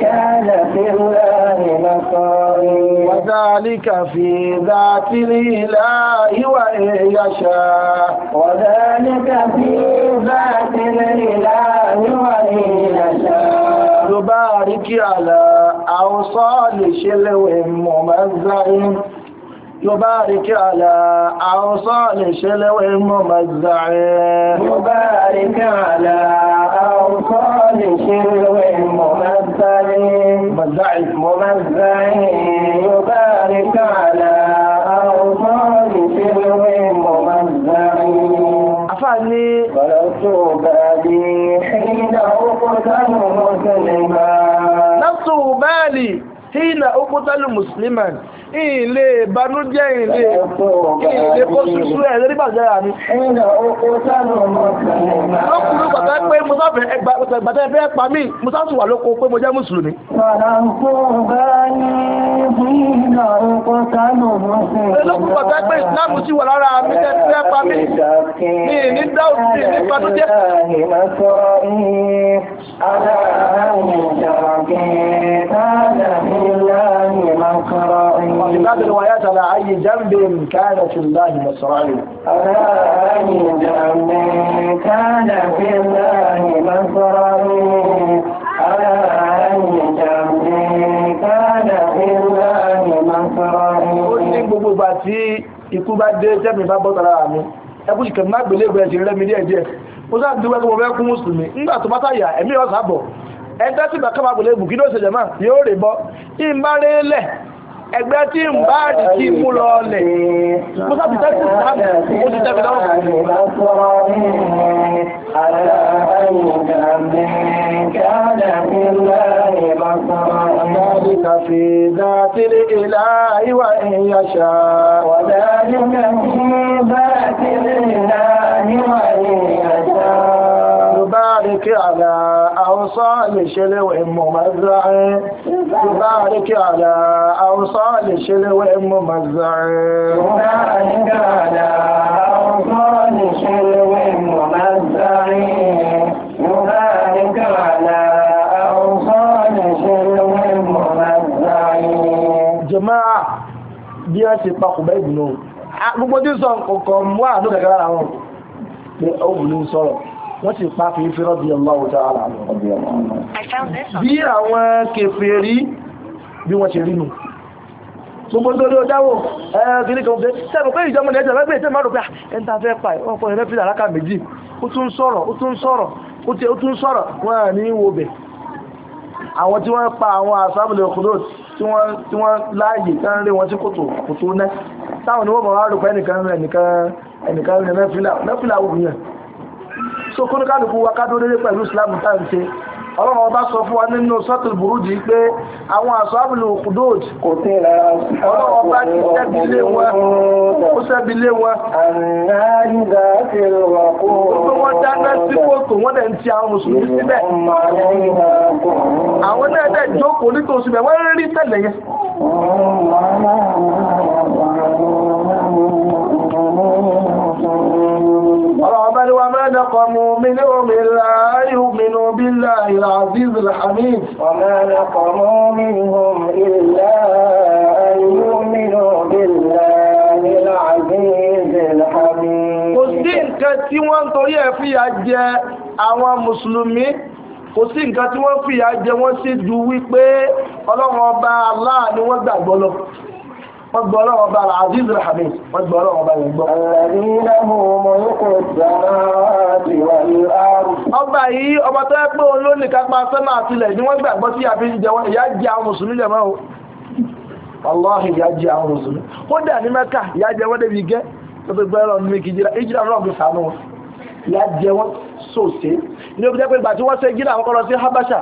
كان في الله مصرعي وذلك في ذات الإله وإن يشاء وذلك في ذات الإله وإن يشاء تبارك على أوصال شلو ممزع يبارك على أوصال شلو ممزع يبارك على أوصال شلو ممزع ممزع ممزع يبارك على أوصال شلو ممزع أفعل لي فلسوا بالي ìnà okútọ́lù musliman ilé ìbànújẹ́ ilé ilé kó súsú ẹ̀ lórí bàjẹ́ àmì ọkùnrin bàtà pé musáfẹ́ bàtà ẹ̀fẹ́ pa mí musáfù wà lóko pé mo jẹ́ mùsùlùmí ẹlọ́kùnrin bàtà pé ìsìláàmù sí wà lára mi tẹ́fẹ́ pa mí ní ní dáùtì ní ìbànújẹ́ Ala ni jarabe ta da hiru الله مكرا وفي بعض الروايات على أي ذنب كان في الله مصرعي على أي ذنب كان في الله مصرعي على أي ذنب كان في الله مصرعي ó ní gbogbo ìgbà tí ikú bá dé tẹ́mì bá bọ́ tara mi ẹkùn ìkẹ̀mí má gbèlé ìgbẹ̀ẹ́sì rẹ̀ mi díẹ̀díẹ̀ ó sáà dúpẹ́ tó mọ́ fẹ́ kún mùsùlùmí nígbà tó bá sáyà ẹ̀mí ọ̀sà bọ̀ ẹgbẹ́ tí bàkà bá gbòlè bùkí lóṣè jẹ̀mọ́ yóò rè bọ́ tí n bá rí lẹ̀ ẹgbẹ́ tí n bá rí kí mú lọ lẹ̀ mo sábì tẹ́sí ìsáàmù mo ti tẹ́bi lọ́wọ́. ذلك بارك على أوصال شلو ممزع بارك على أوصال شلو ممزع بارك على أوصال شلو ممزع بارك على أوصال شلو ممزع جماعة بيأتي بقبة ابنه gbogbo tí sọ nǹkan kan wà ní kẹkẹrẹ àwọn pé ó bùnú sọ̀rọ̀ wọ́n sì pa fi fi rọ́bí Allahu ta'ala bí àwọn kèfèrí bí wọ́n ṣe rínú gbogbo tó ló dáwò ẹgbẹ̀rẹ̀ kan fẹ́ sẹ́bùn pé ìjọmọ̀ ní ẹjọ́ rẹ̀ pé ìtẹ́ márùn pé ẹntà fẹ́ pa ọkọ̀ ẹ̀rẹ́ fìlà aláka méjì ó tún sọ̀rọ̀ ó tún sọ̀rọ̀ ó tún sọ̀rọ̀ wọ́n ní wo bẹ̀ àwọn tí wọ́n pa àwọn àsábìlẹ̀ òkúlòt tí wọ́n láàyè kan rí wọn sí kòtò kòtò náà táwọn ni wọ́n mọ̀ wá rò pé ẹnìkan rẹ̀ ẹnìkan rẹ̀ mẹ́fìlà so kó ní kálukú wa kádó dédé pẹ̀lú islam tá à ń ṣe ọlọ́run ọba sọ fún wa nínú sọ́tù burújì pé àwọn àsọ́bùlù kudod ọlọ́run ọba ti sẹ́bi lé wọn ó sẹ́bi lé wọn. gbogbo wọn dáná sí kòtò wọn dẹ̀ ń ti àwọn mùsùlùmí síbẹ̀ àwọn náà dẹ̀ jókòó nítorí síbẹ̀ wọ́n rí tẹ̀lé yẹn. Thank you. ضرب وما نقموا منهم إلا أن يؤمنوا بالله hamid. الحميد وما نقموا منهم إلا أن يؤمنوا بالله العزيز الحميد kò sí nǹkan tí wọ́n ń torí ẹ̀ fìyà jẹ àwọn mùsùlùmí kò sí nǹkan tí wọ́n fìyà jẹ wọ́n sì ju wípé ọlọ́run ọba Allah ni wọ́n gbàgbọ́ lọ wọ́n gbọ́ ọlọ́wọ́ bá aziz rahman wọ́n gbọ́ ọlọ́wọ́ bá yẹn gbọ́. alladhina hum mulku samawati wal ard. ọba yìí ọba tó yẹ pé òun ló ní kápá sẹ́mà àtìlẹ̀ ni wọ́n gbàgbọ́ sí àfi jíjẹ wọn ìyá jẹ àwọn mùsùlùmí jẹ mọ́ o. wàláhì ìyá jẹ àwọn mùsùlùmí kódà ní mẹ́kà ìyá jẹ wọ́n débi gẹ́ tó fi gbẹ́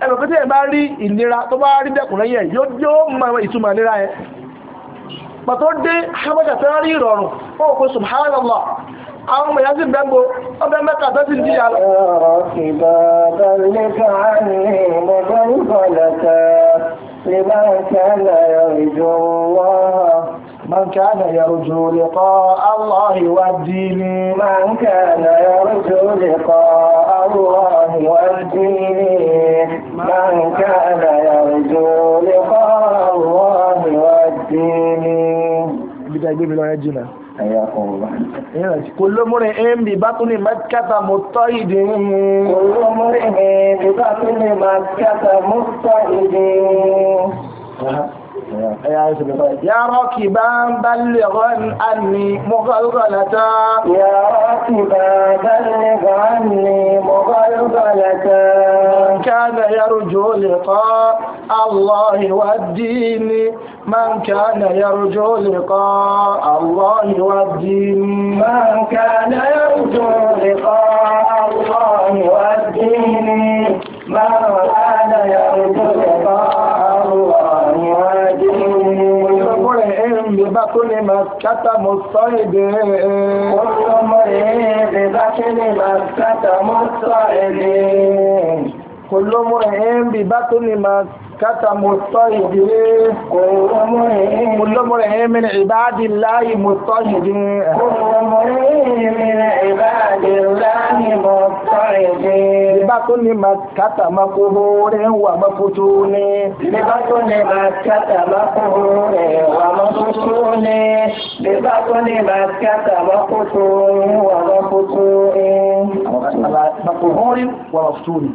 ẹgbẹ̀ pé tí ẹ̀ bá rí ìlera tó bá rí dẹ̀kùn lẹ́yìn ẹ̀ yóò mọ ìtumọ̀ ìlera ẹ̀ pàtó dé habata tó rí ìrọ̀rùn ó kó subhanallah àwọn ọmọ ìyá sí bẹ́gbó ọbẹ̀ mẹ́ta tó ti ń jíyà lọ. ọ̀rọ̀ ìbàdàn lè ká ní ìmọ̀gbọ́n ìbọ̀lẹ̀ta lè من كان يرجو لقاء الله والدين من كان يرجو لقاء الله والدين من كان يرجو لقاء الله والدين كل امرئ ببطن مكة مضطهد كل امرئ ببطن مكة مضطهد يا راكبا بلغا عني مغلغلة يا راكبا بلغ عني مغلغلة من كان يرجو لقاء الله والدين من كان يرجو لقاء الله والدين من كان يرجو لقاء الله والدين من كان يرجو لقاء بكل مكة مصطعد كل امرئ ببكل مكة مصطعد كل امرئ ببكل مكة kata mutahidin kullu mur'in min ibadillahi mutahidin kullu mur'in min ibadillahi mutahidin libatuni makkata makuhurin wa mafutuni libatuni makkata makuhurin wa mafutuni libatuni makkata makuhurin wa mafutuni makuhurin wa mafutuni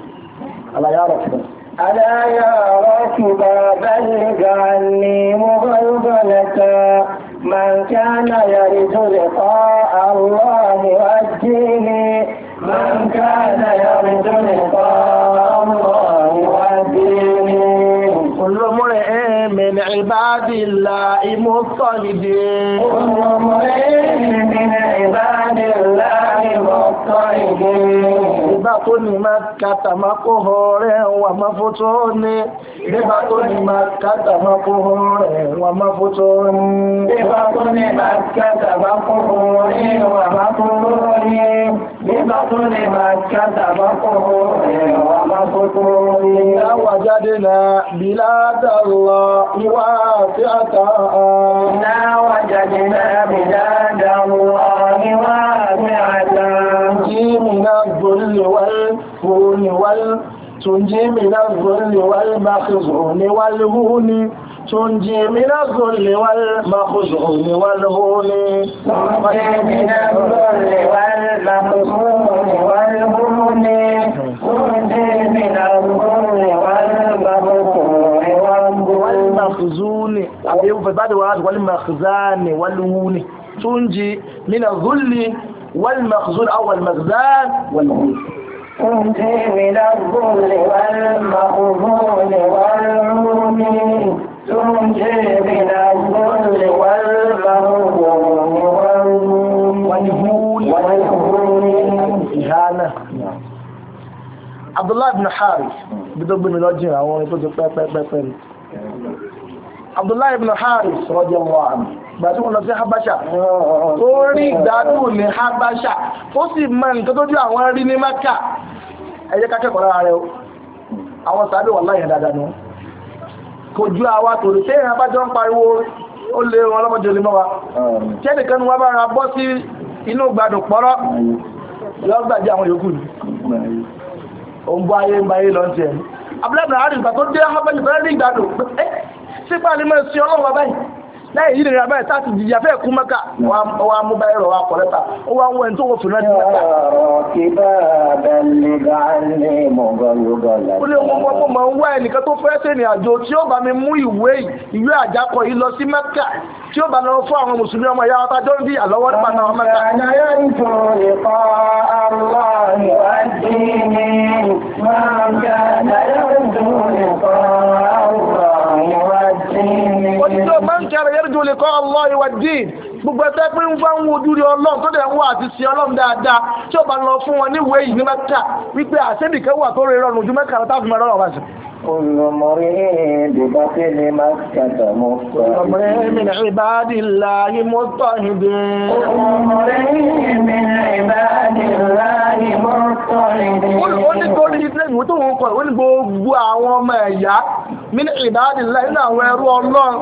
ala ya rabbi ألا يا راكبا بلغ عني مغلغلة من كان يرد لقاء الله وجهه من كان يرد لقاء الله وجهه كل امرئ من عباد الله مضطهد كل امرئ من عباد الله Nígbà tó ní máa kàtà máa kó họ rẹ̀ wà máa fótó ní. Nígbà tó ní máa kàtà máa kó họ rẹ̀ wà máa fótó ní. Nígbà tó ní máa kàtà máa kó họ rẹ̀ wà máa fótó ní. Nígbà tó ní máa kàtà máa kó họ rẹ̀ wà máa fótó ní. Láwà jáde jáde náà bí ládàlọ́ ìwà àti àtàà. الضل والفون تنجي من الظل والمخزون والهون تنجي من الظل والمخزون والهون تنجي من الظل والمخزون والهون تنجي من الظل والمخزون والمخزون بعد وعاد والمخزان والهون تنجي من الظل والمخزون أو المخزان والمخزون كنت من الظل والمخزون والمؤمن تنجي من الظل والمخزون والمهول والإهانة Abdullah ibn Harith, bí tó gbé mi lọ́jìn àwọn orin tó ti pẹ́pẹ́pẹ́pẹ́ Abdullahi ibn Haris radiyallahu anhu Habasha tó rí ìgbádùn ní Habasha ó sì mọ nǹkan tó jù àwọn rí ní Maka ẹ jẹ́ lára rẹ̀ o àwọn wà láyé dáadáa nù kò ju àwa tòrí tí ìrìn abájọ ń pariwo ó lé wọn ọlọ́mọdé olè mọ́ wa tí ẹnìkan ni wọ́n bá ra bọ́ sí inú pọ́rọ́ àwọn yòókù ni ó ń bọ́ ayé ń sípà ní mọ́ sí ọlọ́run bàbá yìí láì yí nìyàbá ẹ̀ táti jìyà fẹ́ kú mẹ́ka wà á mú báyìí rọ̀ wà á kọ̀ lẹ́ta ó wà ń wẹ̀ tó wọ́n fi náà dìgbà. kíbà bẹ́ẹ̀ni báyìí mọ̀ gọ́lùgọ́lù. ó lè wọ́n wọ́n mọ̀ máa ń wá ẹnìkan tó fẹ́ sẹ́ni àjò tí ó bá mi mú ìwé ìwé àjákọ yìí lọ sí mẹ́ka tí ó bá lọ fún àwọn mùsùlùmí ọmọ ìyá ọta tó ń bí àlọ́wọ́ nípa náà mẹ́ka. Máa ń gbà náà yóò dùn nìkan. kana yarju liqa Allahi wad din gbogbo ẹgbẹ́ pé ń bá ń wojú rí ọlọ́run tó dẹ̀ ń wà àti sí ọlọ́run dáadáa tí ó bá lọ fún wọn níwèé yìí ní mẹ́ta wípé àṣẹ́bìkẹ́ wà tó rẹ̀ rọrùn ojú mẹ́ta lọ́tà fún mẹ́rọ̀rùn ọ̀bàṣẹ́ كل امرئ ببطن مكة مضطهد كل امرئ من عباد الله مضطهد كل امرئ من عباد الله مضطهد ó ní kó gbogbo àwọn ọmọ ẹ̀yà min ìbáàdì láì ní àwọn ẹrú ọlọ́run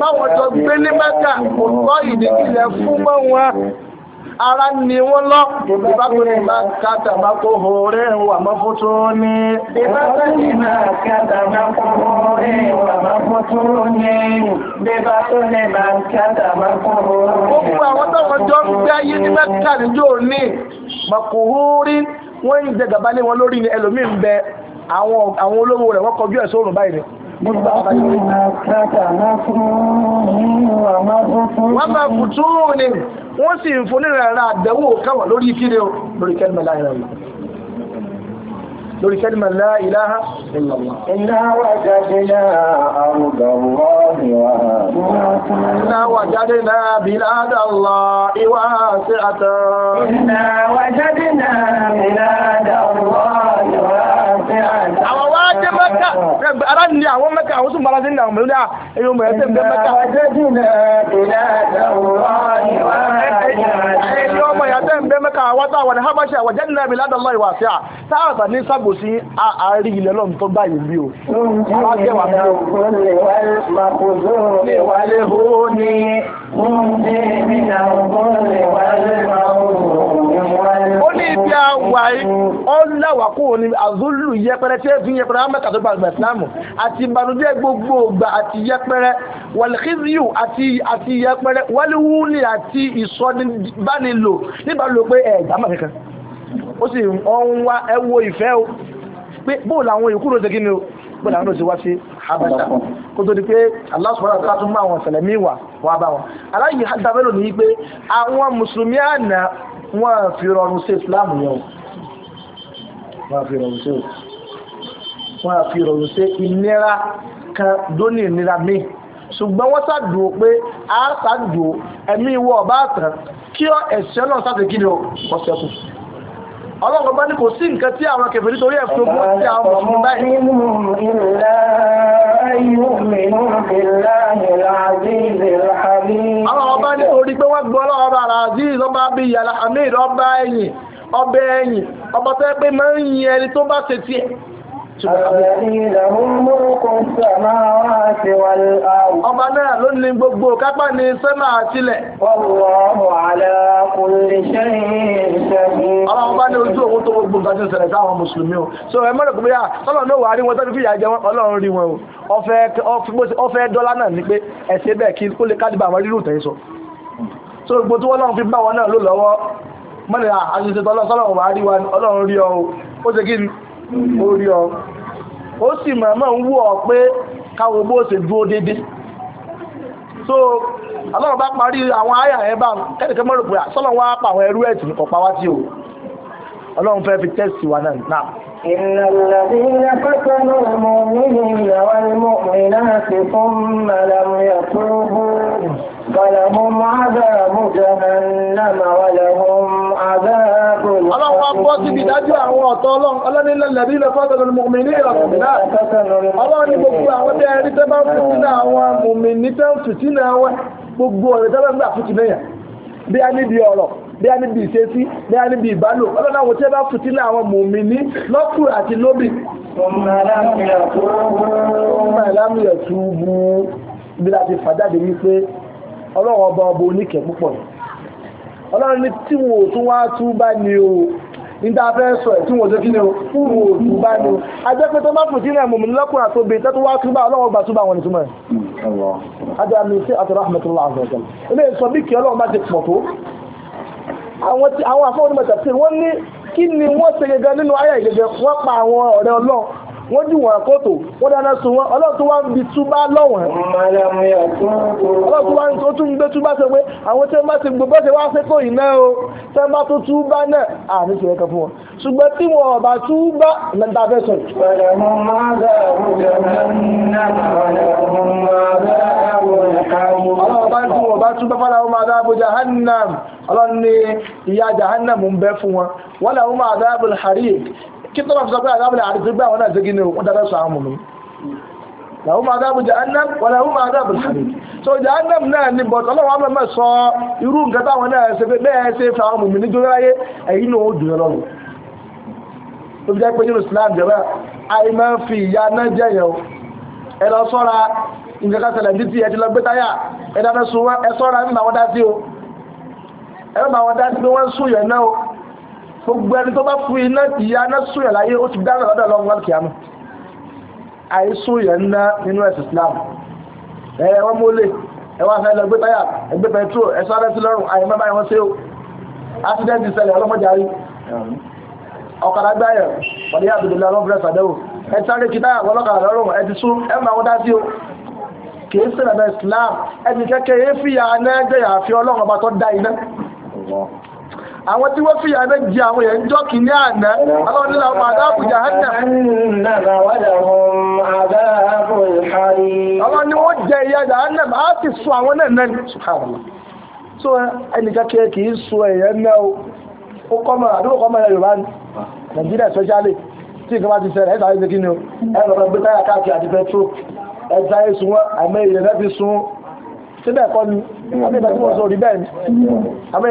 báwọn jọ gbé ní mẹ́kà kò tọ́ ìdíkìlẹ̀ fún mọ́ wọn ara ni wọ́n lọ ìbákò ní máa bá kó hóorẹ́ wà mọ́ fún tó ní ìbákò ní bá kó hóorẹ́ wà mọ́ fún tó ní ìbákò ní bá kó hóorẹ́ gbogbo àwọn tọ́wọ́ jọ ń gbé ayé ní mẹ́ta níjọ́ ní mọ̀kòhórí wọ́n ń jẹ gàbálé wọn lórí ni ẹlòmíín bẹ àwọn olówó rẹ̀ wọ́n kọjú ẹ̀sọ́ òrùn báyìí Wọ́n máa kù tún ní wọ́n sì ń fún nínú ẹ̀rọ àdẹ̀wò káwà lórí kíre o lórí kẹ́lìmẹ̀ láìra rẹ̀. Lórí kẹ́lìmẹ̀ láìláha iná wà jáde náà àrùgbàwọ́ ìwà. Iná wà jáde náà bí ládàlá ìwà sí ara ni àwọn mẹ́ka àwọn tó mara sí ní àwọn mẹ́lú náà èyí mọ̀ ẹ́sẹ̀ bẹ́ mẹ́ka ẹni ọmọ ìyàtẹ̀ ń bẹ́ mẹ́ka àwọ́ta àwọn ìhábáṣẹ́ àwọn jẹ́nà ìbí ládọ́lọ́ ìwà sí à sáàbà ní sàgbòsí àárí ilẹ̀ lọ́n tó báyìí bí o Mọ̀kùnrin wálé hó ní, mú ní ìrìnà ọgbọ́n rẹ̀. báyìí ó láwà kúrò ní àzúlù yẹpẹrẹ tí ó fi yẹpẹrẹ amẹ́ka tó gbàgbà ìsìlámù àti ìbànújẹ́ gbogbo ògbà àti yẹpẹrẹ wàlìkíziù àti yẹpẹrẹ wàlíwúlì àti ìsọdínbánilò níbàlò pé ẹ̀ gbàmà kankan ó sì ń wá ẹwọ ìfẹ́ o pé bóòlù àwọn ìkúrò ṣe kí ni o pẹ̀lú àwọn òṣèwá sí Habasha kó tó di pé Allah subhanahu wa ta'ala tún mú àwọn ìṣẹ̀lẹ̀ míì wà wọ́n bá wọn. aláyìí dábẹ́lò ní pé àwọn mùsùlùmí àná wọn fi rọrùn sí Islam yẹn o wọ́n á fi rọrùn sí ìnira kan lónìí ìnira míì ṣùgbọ́n wọ́n ṣàdùn pé a ṣàdùn ẹ̀mí ìwọ ọba àtàn kí ọ ẹ̀ṣẹ̀ náà sáfì kí ni ọ sẹ́kù ọlọ́run ní kò sí nǹkan tí àwọn kẹfẹ́ nítorí ẹ̀fún ogún tí àwọn mọ̀sùn ọbẹ̀ ẹ̀yìn ọba tó pé máa ń yin ẹni tó bá ṣe tiẹ̀ ọba náà ló ní gbogbo kápá ní sẹ́mà àtilẹ̀ ọlọ́run bá ní ojú òun tó gbogbo nǹkan tí ń sáwọn mùsùlùmí o so ẹ mọ́rọ̀ pé ọlọ́run náà wà rí wọn tó fi ìyà jẹ wọn ọlọ́run rí wọn o ọfẹ́ dọ́là náà ní pé ẹ̀sẹ̀ bẹ́ẹ̀ kí ó lè so gbogbo tí wọ́n náà fi bá wọn mọ́lẹ̀ àṣìṣe tọ́lọ́sọ́lọ́ wà rí wa ọlọ́run rí ọ ó ṣe kí ó rí ọ ó sì mọ̀mọ́ ń wú ọ pé bó ṣe dédé so ọlọ́run bá parí àwọn àyà ah, ẹ̀ bá kẹ́nìkan mọ́rò pé sọ́lọ́ pa ẹrú ẹ̀sìn ọ̀pá wá o ọlọ́run fẹ́ fi tẹ́sì na náà إن الذين فتنوا المؤمنين والمؤمنات ثم لم يتوبوا فلهم عذاب جهنم ولهم عذاب Ọlọ́run wá bọ́ síbi ìdájú àwọn ọ̀tọ́ ọlọ́run, ọlọ́run ilẹ̀ lẹ̀bí ilẹ̀ fọ́tọ̀lọ́ mùmìnì ìrọ̀mùnà. Ọlọ́run ni gbogbo àwọn tẹ́ ẹrí tẹ́ bá fìtínà àwọn mùmìnì tẹ́ fìtínà wọn, gbogbo ọ̀rẹ́ tẹ́ bá gbà fìtínà yà. Bí a níbi ọ̀rọ̀, bí a níbi ìṣesí bí a níbi ìbálò ọlọ́dọ̀ àwọn tí ẹ bá fìtílà àwọn mùmíní lọ́kùnrin àti lóbì. ọmọ ìlàmìyà túbú bí láti fàjáde wípé ọlọ́run ọba ọba oníkẹ̀ ní tí wọn ò tún wá ni o níta fẹ́ sọ ẹ̀ tí wọ́n tó kí ní o fúrù òtù bá ní o ajẹ́pẹ́ tó bá fún sí ẹ̀mù mi lọ́kùnrin àti obìnrin tẹ́tù wá túbà ọlọ́wọ́ gbà túbà wọn ìtumọ̀ ẹ̀ àwọn tí àwọn àfọwọ́nìmọ̀ tafsir wọ́n ní kí ni wọ́n ṣe gẹ́gẹ́ nínú ayé ìgẹ́gẹ́ wọ́n pa àwọn ọ̀rẹ́ ọlọ́run wọ́n dì wọ́n kóòtò wọ́n dáná sun wọ́n ọlọ́run tó wá ń bi túbá lọ́wọ́n ọlọ́run tó wá ń tó tún gbé túbá sọ pé àwọn tí wọ́n bá ti gbogbo ṣe wá sí kò iná o tí wọ́n bá tó túbá náà àmì ṣe ẹ̀kọ́ fún wọn ṣùgbọ́n tí wọ́n ọ̀bà túbá lẹ́ta fẹ́ sọ ọlọ́run jahannam ń bẹ fún wọn wọ́n làwọn máa dá bójá kí tó bá fi sọ pé àdábìlẹ̀ àdìsí gbé àwọn náà ṣe gíní wọ́n dára sọ àwọn mọ̀mí làwọn máa dábò jahannam wọn làwọn máa so jahannam náà ní bọ́tọ̀ ọlọ́wọ́ àwọn mẹ́mẹ́ sọ irú nǹkan táwọn náà ṣe pé bẹ́ẹ̀ ṣe fa àwọn mọ̀mí níjọ́ láyé ẹ̀yìn náà ó dùn lọ́rùn tó fi jẹ́ pé nínú Islam jẹ́wọ́ àì máa ń fi ìyá náà jẹ́ yẹn o ẹ lọ sọ́ra nǹkan kan ṣẹlẹ̀ dá sí o ẹ bá dá sí pé wọ́n sún yẹn náà gbogbo ẹni tó bá fún iná ìyá iná súyà láyé ó ti dáná lọ́dọ̀ lọ́wọ́ lọ́dọ̀ kìámù àìsúyà ńlá nínú ẹ̀sìn Islam ẹ̀yẹ wọn mólè ẹwà fẹ́ lọ gbé táyà ẹgbẹ́ pẹ̀tró ẹ̀sọ́ adẹ́sí lọ́rùn àyẹ̀mọ́ báyìí wọ́n ṣe ó ásídẹ́ǹtì ṣẹlẹ̀ ọlọ́mọdéarí ọ̀kadà gbáyẹ̀ ọ̀dẹ́ àbìdìlẹ̀ ọlọ́bìnrin sàdẹ́wò ẹ ti sáré kìtáyà wọlọ́kadà lọ́rùn ẹ ti sún ẹ máa wọ́n dá sí o kìí sẹ̀rẹ̀ bẹ́ Islam ẹni kẹ́kẹ́ yé fìyà náà jẹ́yà àfi Ọlọ́run ọba tó dá iná àwọn tí wọ́n fi àná jẹ àwọn èèyàn jọ́ kì ní àná aláwọ̀ nílò àwọn àdáàbò jahannam àwọn ni wọ́n jẹ ìyà jahannam á ti sọ àwọn náà náà ní subhanallah so kì í sọ èèyàn náà ó kọ́mọ̀ àdúgbò kọ́ ni àmì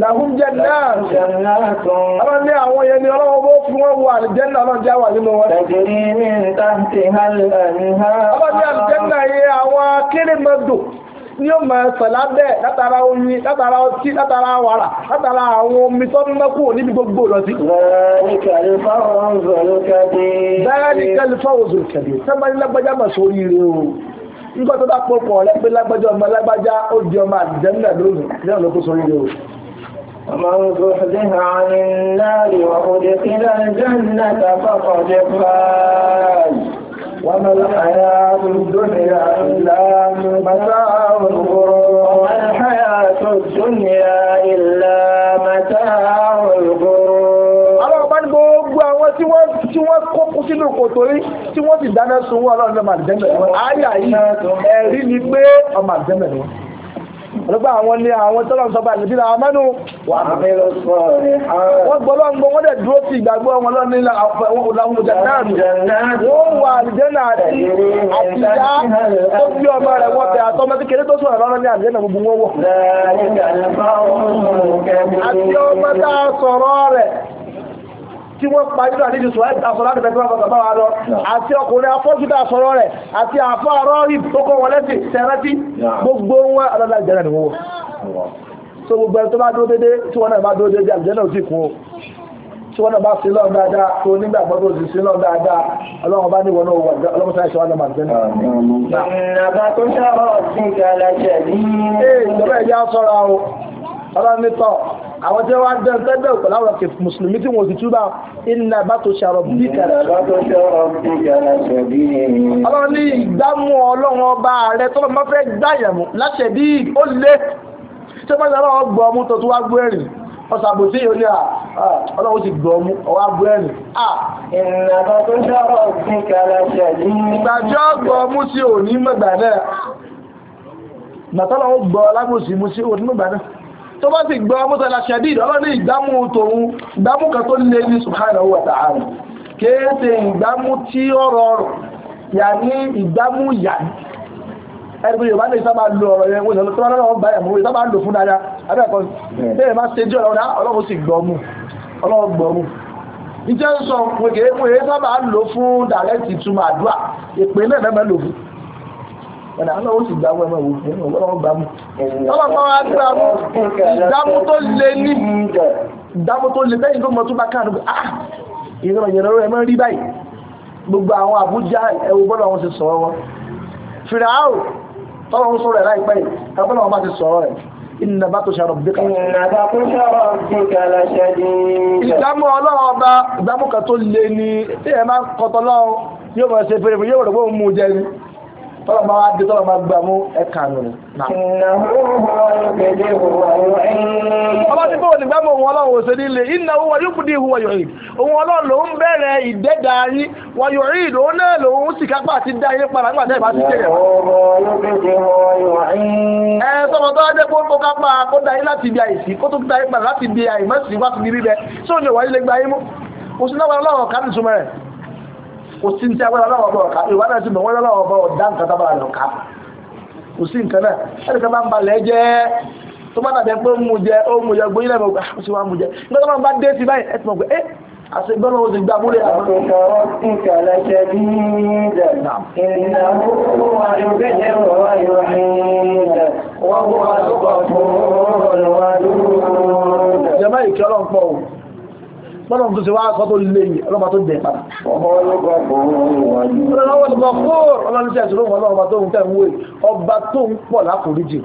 làhún jẹ́ náà ọ̀rọ̀ ní àwọn yẹn ni ọlọ́wọ́ bó fún wọn wà àlìjẹ́nà ọlọ́jà wà nínú wọn. ọlọ́jà àlìjẹ́nà yẹ àwọn kéré-mọ́dò ni ó mọ̀ ẹ̀sọ̀lá bẹ́ẹ̀ látara oyin látara ọtí látara wàrà látara àwọn omi tó ń mẹ́kù níbi gbogbo lọ sí. bẹ́ẹ̀ni kàlífà òzòlù kẹ́bí. bẹ́ẹ̀ni kàlífà òzòlù kẹ́bí. sẹ́mbàdí lágbájá mà sórí ire o. nígbà tó bá pọ̀ pọ̀ rẹ pé lágbájá ọmọ lágbájá ó di ọmọ àdìjẹ́ lónìí lẹ́yìn ló kó sórí ومن زحزح عن النار وأدخل الجنة فقد فاز وما الحياة الدنيا إلا متاع الغرور وما الحياة الدنيا إلا متاع الغرور tí wọ́n tí wọ́n kókó sínú kòtò rí tí wọ́n sì dáná sun wọ́n ọlọ́run lọ́mọ àdìjẹ́mẹ̀ wọn. ayé àyè ẹ̀rí ni pé ọmọ àdìjẹ́mẹ̀ ni wọ́n nígbà àwọn ní àwọn tọ́lọ̀ sọ bá ìlúdí làwọn mẹ́nu wọ́n gbọ́lọ́ ń gbọ́ wọ́n dẹ̀ dúró sí ìgbàgbọ́ wọn lọ́ní láwọn ọjà náà wọ́n wà àlìjẹ́nà àti àtìyá tó bí ọmọ rẹ̀ wọ́n tẹ àtọ́mọ́ tí kéré tó sọ̀rọ̀ lọ́nà ní àlìjẹ́nà gbogbo wọn wọ̀ àti ọmọ tá a sọ̀rọ̀ rẹ̀ tí wọ́n pa nínú àdíjù àti ọkùnrin afọ́jútà sọ̀rọ̀ rẹ̀ àti àfáàrọ̀ ìtókọ̀ wọlé sí tẹ́rẹ́tí gbogbo wọn alọ́lá ìjẹ́rẹ̀ nìwọ̀n so gbogbo ẹni tó bá dúró dédé tí wọ́n náà bá dúró dédé àjẹ́ náà sì kú tí wọ́n náà bá sí lọ́n dáadáa tó nígbàgbọ́ tó sì sí lọ́n dáadáa ọlọ́run bá níwọ̀n náà wà ọlọ́run sáà ṣọ́wọ́n náà jẹ́ náà. ìrìnàbà tó sábà àwọn tí wọ́n dẹ̀ tẹ́bẹ̀ pẹ̀lú àwọn kẹfì mùsùlùmí tí wọ́n ti túbà iná bá tó ṣàrọ̀ bí kẹrẹ. ọlọ́run ní ìgbámú ọlọ́run ọba rẹ tó máa fẹ́ gbàyàmú láṣẹ bí ó lé tó bá yàrá ọgbọ̀ ọmú tó tó wá gbé rìn ọ̀sàbò tí yóò ní à ah, ah, ọlọ́run ti gbọ́ ọmú ọwá gbé rìn à. ìrìnàbọ̀ tó ṣàrọ̀ bí kẹrẹ ṣẹ̀dí. náà tó bá sì gbọ́ mọ́tàlá ṣadid ọlọ́ni ìgbámú tòun ìgbámú kan tó lé ní subhanahu wa ta'ala kéèsè ìgbámú tí ó rọrùn yà ní ìgbámú yà ẹgbẹ́ yorùbá lè sábà lo ọ̀rọ̀ yẹn wọ́n lọ́wọ́ lọ́wọ́ bá ẹ̀mọ́ ìsábà sábà lò fún dàrẹ́tì ọ̀nà àwọn oṣù gbàmú ẹ̀mọ́ ìwò fún ẹ̀mọ́ ọlọ́wọ́ gbàmú. ọlọ́pàá wa gbàmú ìdámú tó lé ní ìdámú tó lé lẹ́yìn tó mọ tó bá káàdùn ah ìrìnà ìrìnà rẹ̀ mọ́ rí báyìí gbogbo àwọn àbújá ẹ̀wù bọ́lá wọn ti sọ̀rọ̀ wọn. fìràáwò tọ́lọ́ ń sọ̀rọ̀ ẹ̀ láìpẹ́ yìí ẹ̀bọ́lá wọn bá ti sọ̀rọ̀ ẹ̀ inna bá tó ṣàrọ̀ bí kan. ìdámú ọlọ́run ọba ìdámú kan tó lé ní tí ẹ máa ń kọtọ lọ́run yóò mọ̀ ṣe fèrèfèrè yóò rẹ̀ wọ́n mú jẹ ni tọ́lọ̀ bá wá dé tọ́lọ̀ bá gbà mú ẹ̀ka nù náà. ọba tí bóun nígbà mọ̀ òun ọlọ́run òṣè nílé iná owó yóò kú dé ìhùwà yóò rí òun ọlọ́run lòún bẹ̀rẹ̀ ìdẹ́dà yín wà yóò rí lòun náà lòun sì kápá àti dá yín padà nígbà tẹ́lẹ̀ bá ti tẹ̀lẹ̀. ẹ sọ́mọ tó dé kó kápá kó dá yín láti ibi àìsí kó tó dá yín padà láti ibi àìmọ́sí wá ti di bíbẹ sóòjò wáyé lè gba yín mú kò sí ní agbára lọ́wọ́ bọ̀ ọ̀ka ìwà náà ti mọ̀ wọ́n lọ́wọ́ bọ̀ ọ̀dá nǹkan tábàrà lọ ká kò sí nǹkan náà ẹnì kan bá ń balẹ̀ jẹ́ tó bá dàbẹ̀ pé mu jẹ ó mu jẹ gbóyìn lẹ́mọ̀ ah, ó sì wá mu jẹ nígbà tó bá dé sí báyìí ẹ ti mọ̀ pé ẹ́ eh, àti gbọ́nà ó gbà múlẹ̀ àwọn ọ̀rọ̀ bọ́nà tó ti wá kọ́ tó lè yìí ọlọ́pàá tó dẹ̀ padà ọba tó ń pọ̀ láforíjì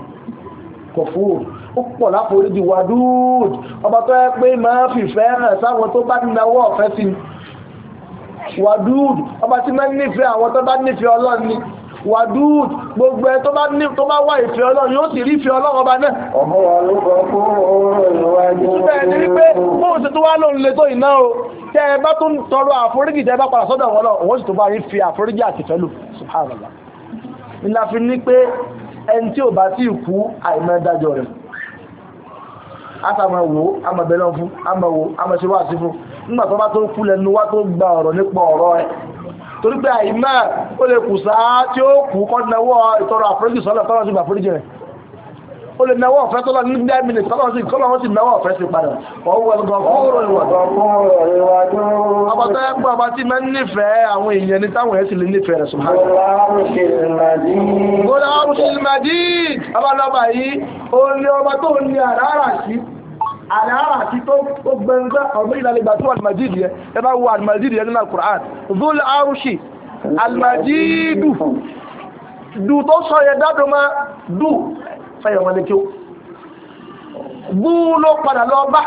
kọ̀fúrò ó pọ̀ láforíjì wàdúùd ọba tó ẹ pé máa fìfẹ́ hàn sáwọn tó bá nínáwọ́ ọ̀fẹ́ sí wàdúùd ọba tí máa nífẹ̀ẹ́ àwọn tó bá nífẹ̀ẹ́ ọlọ́ni wàdúùd gbogbo ẹ tó bá ní tó bá wà ìfẹ́ ọlọ́run yóò sì rí ìfẹ́ ọlọ́run ọba náà ọmọ wà ni wípé bóun sì tún wá lóun lè tó ìná o tẹ́ ẹ bá tún tọrọ àforíjì tẹ́ ẹ bá padà sọ́dọ̀ wọn náà òun sì tún bá rí fi àforíjì àti ìfẹ́lù subhanallah ńlá fi ní pé ẹni tí ò bá tí ì kú àìmọ́dájọ́ rẹ̀ àtàmà wò àmàbẹ̀lọ́ fún àmàwò àmàṣẹ́wà sí fún nígbà tó bá tó kú lẹ́nu wá tó gba ọ̀rọ̀ nípa ọ̀rọ̀ ẹ̀ torí pé àìmá ó lè kù sáá tí ó kù kọ́ náwọ́ ìtọrọ àforíjì sọ́lọ̀ tọ́lọ̀ sí àforíjì rẹ̀ ó lè náwọ́ ọ̀fẹ́ tọ́lọ̀ ní 10 minutes tọ́lọ̀ sí kọ́lọ̀ wọ́n náwọ́ ọ̀fẹ́ sí padà ọwọ́ ọgbọ̀gbọ̀rọ̀ ìwàdọ̀ àlàárà tí tó gbẹ̀ngbẹ́ ọ̀gbẹ́ ìlàlẹ́gbà tó alìmàjídì ẹ ẹ bá wo alìmàjídì ẹ nínú alukur'an zul arushi alìmàjídù dù tó sọ yẹ dádùn máa dù fẹ́yọ̀ wọn lékí ó bú ló padà lọ bá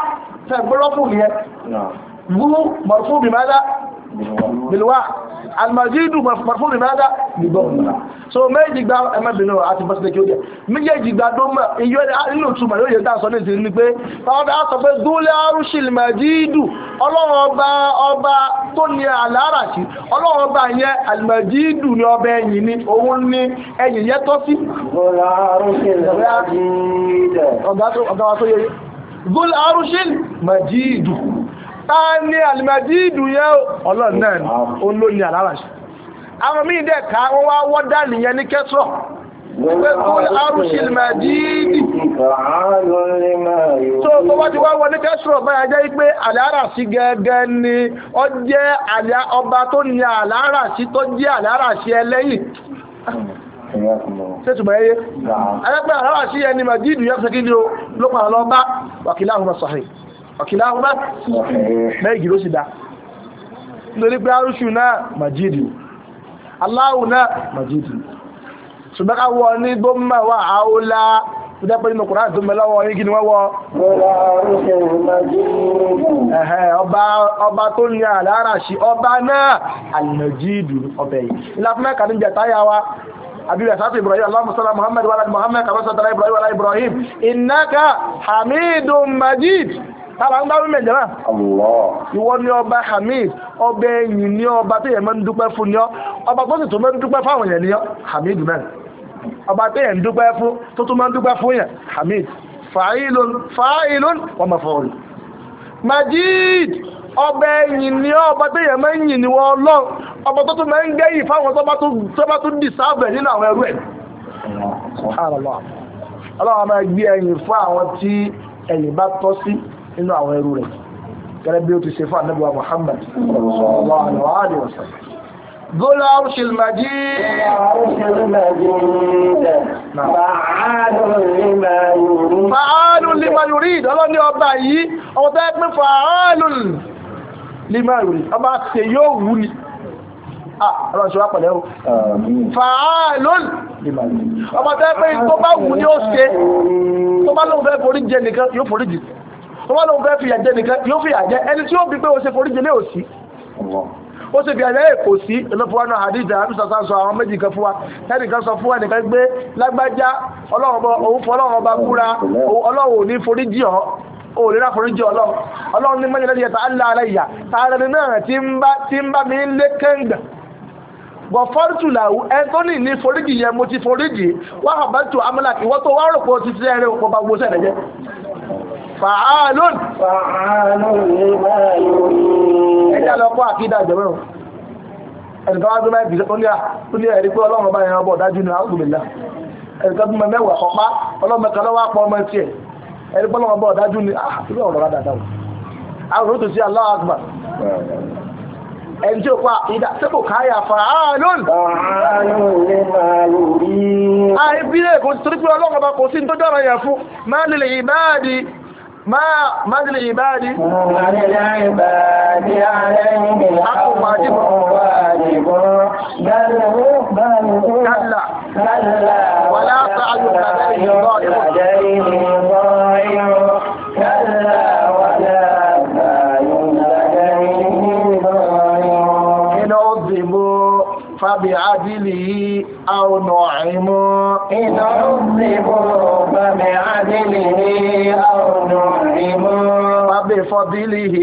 fẹ́ gbọ́lọ́fù yẹ bú mọ̀fú bìmọ́lá bìlúwà almajidu marfun limada gbígbọ́ ọ̀nà so méjì gba ẹmẹ́bìnrin rẹ̀ àti bọ́sílẹ̀ kí ó jẹ́ méjèèjì gba tó mọ̀ iye nínú ìtumọ̀ yóò yẹ tá a sọ ní ìsinmi ni pé táwọn bá sọ pé dúlẹ̀ arúṣìl majidu ọlọ́run ọba ọba tó ní aláràṣí ọlọ́run ọba yẹn almajidu ni ọba ẹ̀yìn ni òun ni ẹ̀yìn yẹn tọ́ sí. ọ̀gá wa tó yẹ dúlẹ̀ arúṣìl majidu tá ní alìmẹ̀dídù yẹn ọlọ́run náà ó ló ní àláràṣì àwọn míì dẹ̀ ká wọ́n wá wọ́dà nìyẹn ní kẹ́tọ̀ pé kó arúṣì alìmẹ̀dídì tó tó bá ti wá wọ́n ní kẹ́tọ̀ báyà jẹ́ pé àláràṣì gẹ́gẹ́ ni ó jẹ́ ọba tó ní àláràṣì tó jẹ́ àláràṣì ẹlẹ́yìn sẹ́tùmọ̀ ẹyẹ ẹgbẹ́ àláràṣì ẹni mẹ̀dídù yẹn fẹ́ kí ni ó ló pa àlọ́ wàkìlá àwọn ọmọ sàhìn ọ̀kìlá ọmọ méjì ló sì dá nítorí pé arúṣù náà majidi aláwù náà majidi ṣùgbọ́n ká wọ ní gómìnà wà áúlá tó jẹ́ pé nínú kùrá tó mẹ́ lọ́wọ́ yìí kí ni wọ́n wọ ọba tó ní àlára sí ọba náà alìmọ̀jídù ọbẹ̀ yìí ìlàfúnmẹ́ka ní jẹ̀táyà wa abiru asatu ibrahim allahumma salli muhammad wa ala muhammad kama ibrahim wa ibrahim innaka hamidum majid tàbá ń gbárùn mẹ́jẹ̀ náà ìwọ ni ọba hamid ọba ẹ̀yìn ni ọba tó yẹ mọ́ ń dúpẹ́ fún ni ọ ọba tó sì tó mọ́ ń dúpẹ́ fáwọn èèyàn ni ọ hamid mẹ́rin ọba tó yẹ ń dúpẹ́ fún tó tó mọ́ ń dúpẹ́ fún yẹn hamid fa'ilun fa'ilun wa maf'ul majid ọba ẹ̀yìn ni ọba tó yẹ mọ́ ń yìn ni wọ́n ọlọ́run ọba tó tó mọ́ ń gbẹ́yìn nínú àwọn ẹrú rẹ̀ gẹ́gẹ́ bí ó ti ṣe fún ànábì wa Muhammad sallallahu alaihi wa sallam ذو العرش المجيد فعال لما يريد ọlọ́ni ọba yìí ọwọ́ tẹ́ pín فعال لما يريد ọba tẹ yóò wú ni ọlọ́ṣọ́ wá pẹ̀lẹ́ o فعال لما يريد ọba tẹ́ pín tó bá tó wá lóun fẹ́ fìyà jẹ nìkan yóò fìyà jẹ ẹni tí ó bí pé ó ṣe forí jẹlé òsì ó ṣe fìyà jẹ èkó sí ẹlọ́fọwọ́nà àdìjà àbísọ̀sá sọ àwọn méjì kan fún wa ẹnìkan sọ fún ẹnìkan gbé lágbájá ọlọ́run ọba búra ọlọ́run ò ní forí jì ọ́ o lè ráforíjì ọlọ́run ọlọ́run ní mọ́jẹ̀ lẹ́yìn ẹ̀ta aláàlẹ́yà tààrẹ ní náà tí ń bá tí ń bá mi ń lé kẹ́ǹgbà gọ̀fọ́rùtù làwù anthony ní foríjì yẹn mo ti foríjì wàhálà bàtù amúlà ìwọ́n tó wá rò pé o ti ti ẹ̀rẹ́ òpó bá gbóṣẹ́ rẹ̀ jẹ́ fàálùn ẹjá lọ kọ́ àkídà ìjọmọ́ ẹ̀nìkan wá tó láì fìṣẹ́ tó ní ẹ̀rí pé ọlọ́run ọba ìran ọbọ̀ dájú ní àrùgbìnlá ẹ̀nìkan bí mẹ́wàá ọ̀pá ọlọ́mọkà lọ́wọ́ àpọ̀ ọmọ ẹtì ẹ̀ ẹ̀rí pé ọlọ́run ọba ọ̀dájú ní àrùgbìnlá ah, ọ̀rọ̀ dáadáa àwọn òtò sí Allahu Akbar ẹjọ́ pa ìdá tẹ́kò káyà fàálùn àìbílẹ̀ kò sí torípé ọlọ́run ọba kò sí tó jọ́rọ̀ yẹn fún máa lè ìbáàdì ما ما للعباد وللعباد عليه حق واجب واجب بل بل كلا كلا ولا سعي لديه ضائع كلا ولا سعي لديه ضائع إن عذبوا فبعدله أو نعمه إذا عذبوا فبعدله أو نعمه فبفضله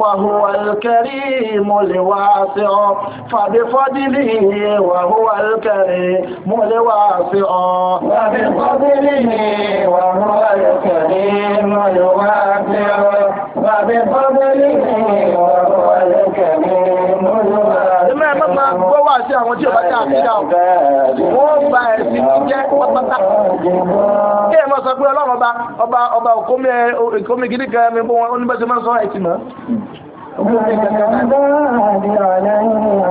فهو الكريم الواسع فبفضله وهو الكريم الواسع فبفضله وهو الكريم الواسع فبفضله وهو الكريم الواسع. àwọn tí ó bá dá àbídá ọ̀gá kí ẹ máa sọ pé ọlọ́run ọba ọba ọba òkómi gidi kan mi bó wọn oníbẹ̀sẹ̀ máa sọ ẹ̀tì mọ́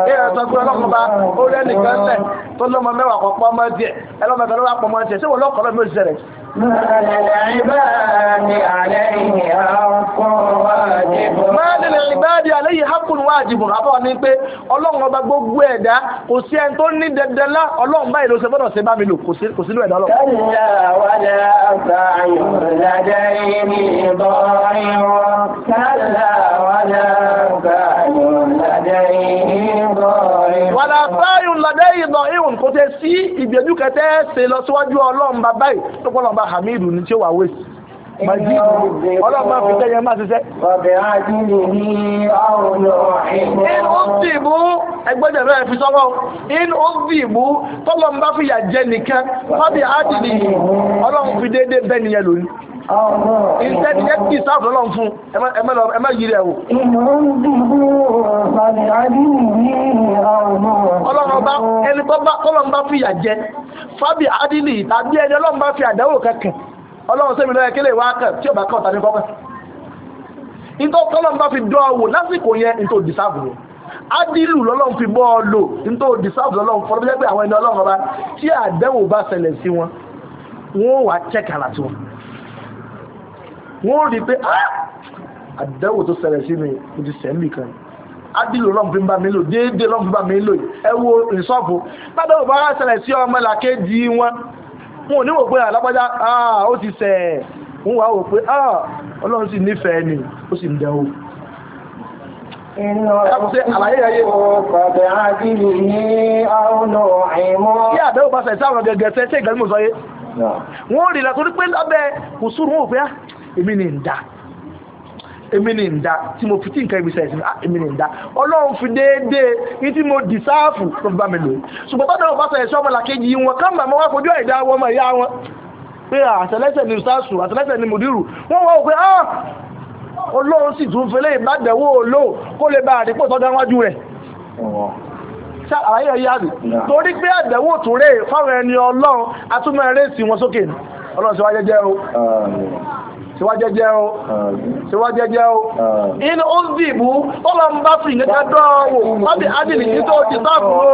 kí ẹ sọ pé ọlọ́run ọba ó rẹ́ nìkan sẹ̀ tó lọ́mọ mẹ́wàá kọ́ pọ́ ọmọ ما للعباد عليه àbọ̀ ni pé ọlọ́run ọba gbogbo ẹ̀dá kò sí ẹni tó ní dandan ọlọ́run báyìí ló ṣe gbọ́dọ̀ ṣe bá mi lò kò sínú ẹ̀dá ọlọ́run. lọ́dẹ́ ìlọ ìhùn kò tẹ́ sí ìgbẹ́jú kẹtẹ́ ṣe lọ síwájú ọlọ́run bàbá tó pọ́ hamidu ní tí ó wà wẹ́sì ọlọ́mọ fìtẹ́ yẹn máa ṣiṣẹ́. ọ̀bẹ̀ in ó sì mú ẹgbẹ́jẹ̀ rẹ̀ fi sọ́wọ́ in ó sì mú fìyà jẹ nìkan ọ̀bẹ̀ ajínigbì ọlọ́run fi déédéé bẹ́ẹ̀ nìyẹn lónìí iṣẹ́ ti jẹ́ kí sáàfù lọ́lọ́run fún ẹmẹ́ yìí rẹ̀ wò. ọlọ́run ọba ẹni tọ́lọ́run bá fìyà jẹ fábì adìlì tàbí ẹni ọlọ́run bá fi àdánwò kankan ọlọ́run sẹ́mi lọ́yẹ kí lè wá kàn tí ọba kan tàbí kọ́kàn. ìtọ́ tọ́lọ́run bá fi dán wò lásìkò yẹn ní tó di sáàfù rẹ̀ adìlù lọ́lọ́run fi bọ́ ọ lò ní tó di sáàfù lọ́lọ́run fọ́n bí wọ́n pẹ́ àwọn ẹni ọlọ́run ọba tí àdánwò bá ṣẹlẹ̀ sí wọn wọ́n wà á tẹ́kàrà sí wọn wọ́n rí pé ah! àdáwò tó ṣẹlẹ̀ sí mi kò ti sẹ́ńbì kan adìlò lọ́n fi ń bá mi lò déédéé lọ́n fi bá mi lò ẹ wo ìsọ́ọ̀bù bàdáwò bá wá ṣẹlẹ̀ sí ọmọ làkejì wọn wọn ò ní wò pé alágbájá ah, ah, ó ti sẹ̀ ń wá wò pé ọlọ́run sì nífẹ̀ẹ́ ni ó sì ń dẹ̀wò wọ́n rí lẹ́tọ́ ní pé lábẹ́ kùsùrù wọn ò pé á èmi ni ń da èmi ni ń da tí mo fi tí nǹkan ibi sẹ́yìn sí ah, èmi ni ń da ọlọ́run fi déédéé ní tí mo dìsáàfù tó fi bá mi lò ṣùgbọ́n bá dáwọ́ bá sọ ẹ̀ṣọ́ ọmọ làkejì wọn ká màmá wá fojú ẹ̀dá wọn ọmọ ìyá wọn pé àtẹlẹsẹ̀ ni sars àtẹlẹsẹ̀ ni mùdírù wọ́n wọ́n pé ah, ọlọ́run sì tún fẹ́lẹ́ ìbádẹ̀wò olóò kó lè bá àdìpọ̀ tọ́jú wájú rẹ̀ torí pé àdẹ̀wò tó fáwọn ẹni ọlọ́run atúmọ̀ ẹrẹ́sì wọn sókè ọlọ́run sì wá jẹ́jẹ́ o síwájẹ́jẹ́ o síwájẹ́jẹ́ o inú ó sì bú ọlọ́mbá sì nìkan dọ́ọ̀wò láti adìlì tí tó ti sáàbù o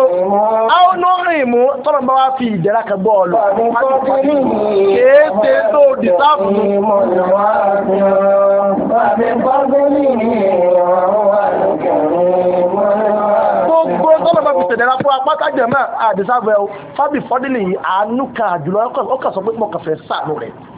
àwọn onórin mú tọ́lọ́mbá wá fi ìdẹ́ra kan bọ́ ọ̀lọ́ kéèké tó ti sáàbù gbogbo tọ́lọ́mbá fi tẹ̀dẹ̀ra fún apátájẹ̀mọ́ àdìsáàbù ẹ̀ o fábì fọ́dílì àánú kan àjùlọ ọkà sọ pé mọ̀kànfẹ́ sáà rẹ̀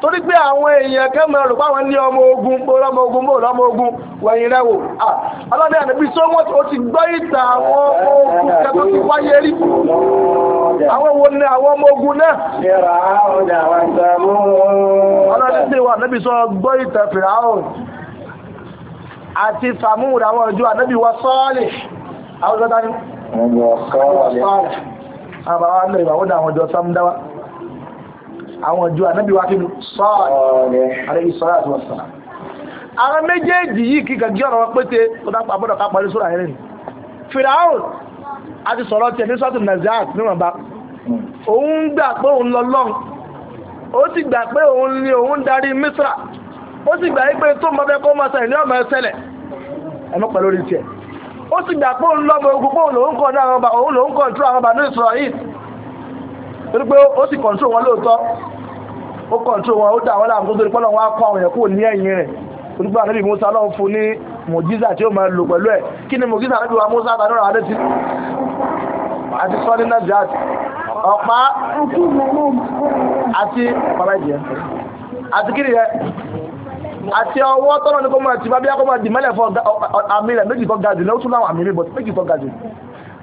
torí pé àwọn èèyàn kan máa rò páwọn ní ọmọ ogun bó lọ́mọ ogun bó lọ́mọ ogun wẹ̀yìn rẹ̀ wò ọlọ́dẹ àdébí sọ́wọ́n ó ti gbọ́ ìtàn àwọn ọmọ ogun kẹtọ́ ti wáyé rí àwọn wo ni àwọn ọmọ ogun náà ọlọ́dẹ sì wà àdébí sọ gbọ́ ìtàn fìràhùn àti sàmúhùn àwọn ọjọ́ àdébí wa àwọn ìjọ ànábì wa kínú sọ́ọ̀lẹ̀ alayhi salatu wassalam àwọn méjèèjì yìí kíkà gí ọ̀rọ̀ pété ó dápọ̀ àbúrò ká parí sóra ẹ̀rìn fìràhùn àti sọ̀rọ̀ tiẹ̀ ní sọ́tún naziat níwọ̀nba òun gbà pé òun lọ lọ́n ó sì gbà pé òun ni òun darí misra ó sì gbà pé tó ń bá fẹ́ kó máa sẹ́yìn ní ọmọ ẹsẹ̀lẹ̀ ẹ̀mọ́ pẹ̀lú orí tiẹ̀ ó sì gbà pé òun lọ́mọ ogun pé òun lòun kọ̀ ní àwọn ọba òun lòun kọ̀ àwọn ọba ní Israel torí pé ó sì kọ̀ǹtró wọn lóòótọ́ ó kọ̀ǹtró wọn ó dà wọn láàmú tó torí pọ́lọ́ wọn á kọ́ àwọn èèyàn kúrò ní ẹ̀yìn rẹ̀ torí pé ànábì Musa lọ́wọ́ fún ní mòjísà tí ó máa lò pẹ̀lú ẹ̀ kí ni mòjísà ànábì wa Musa tàbí ọ̀rọ̀ adé ti àti sọ́ni najat ọ̀pá àti ọ̀pá ìjẹ́ àti kí ni yẹ àti ọwọ́ tọ́nà ní kó máa ti bá bí akọ́mọ́ dì mẹ́lẹ̀ fọ́ àmì rẹ̀ méjì tó ga jù tún láwọn àmì rẹ̀ bọ̀ méjì tó ga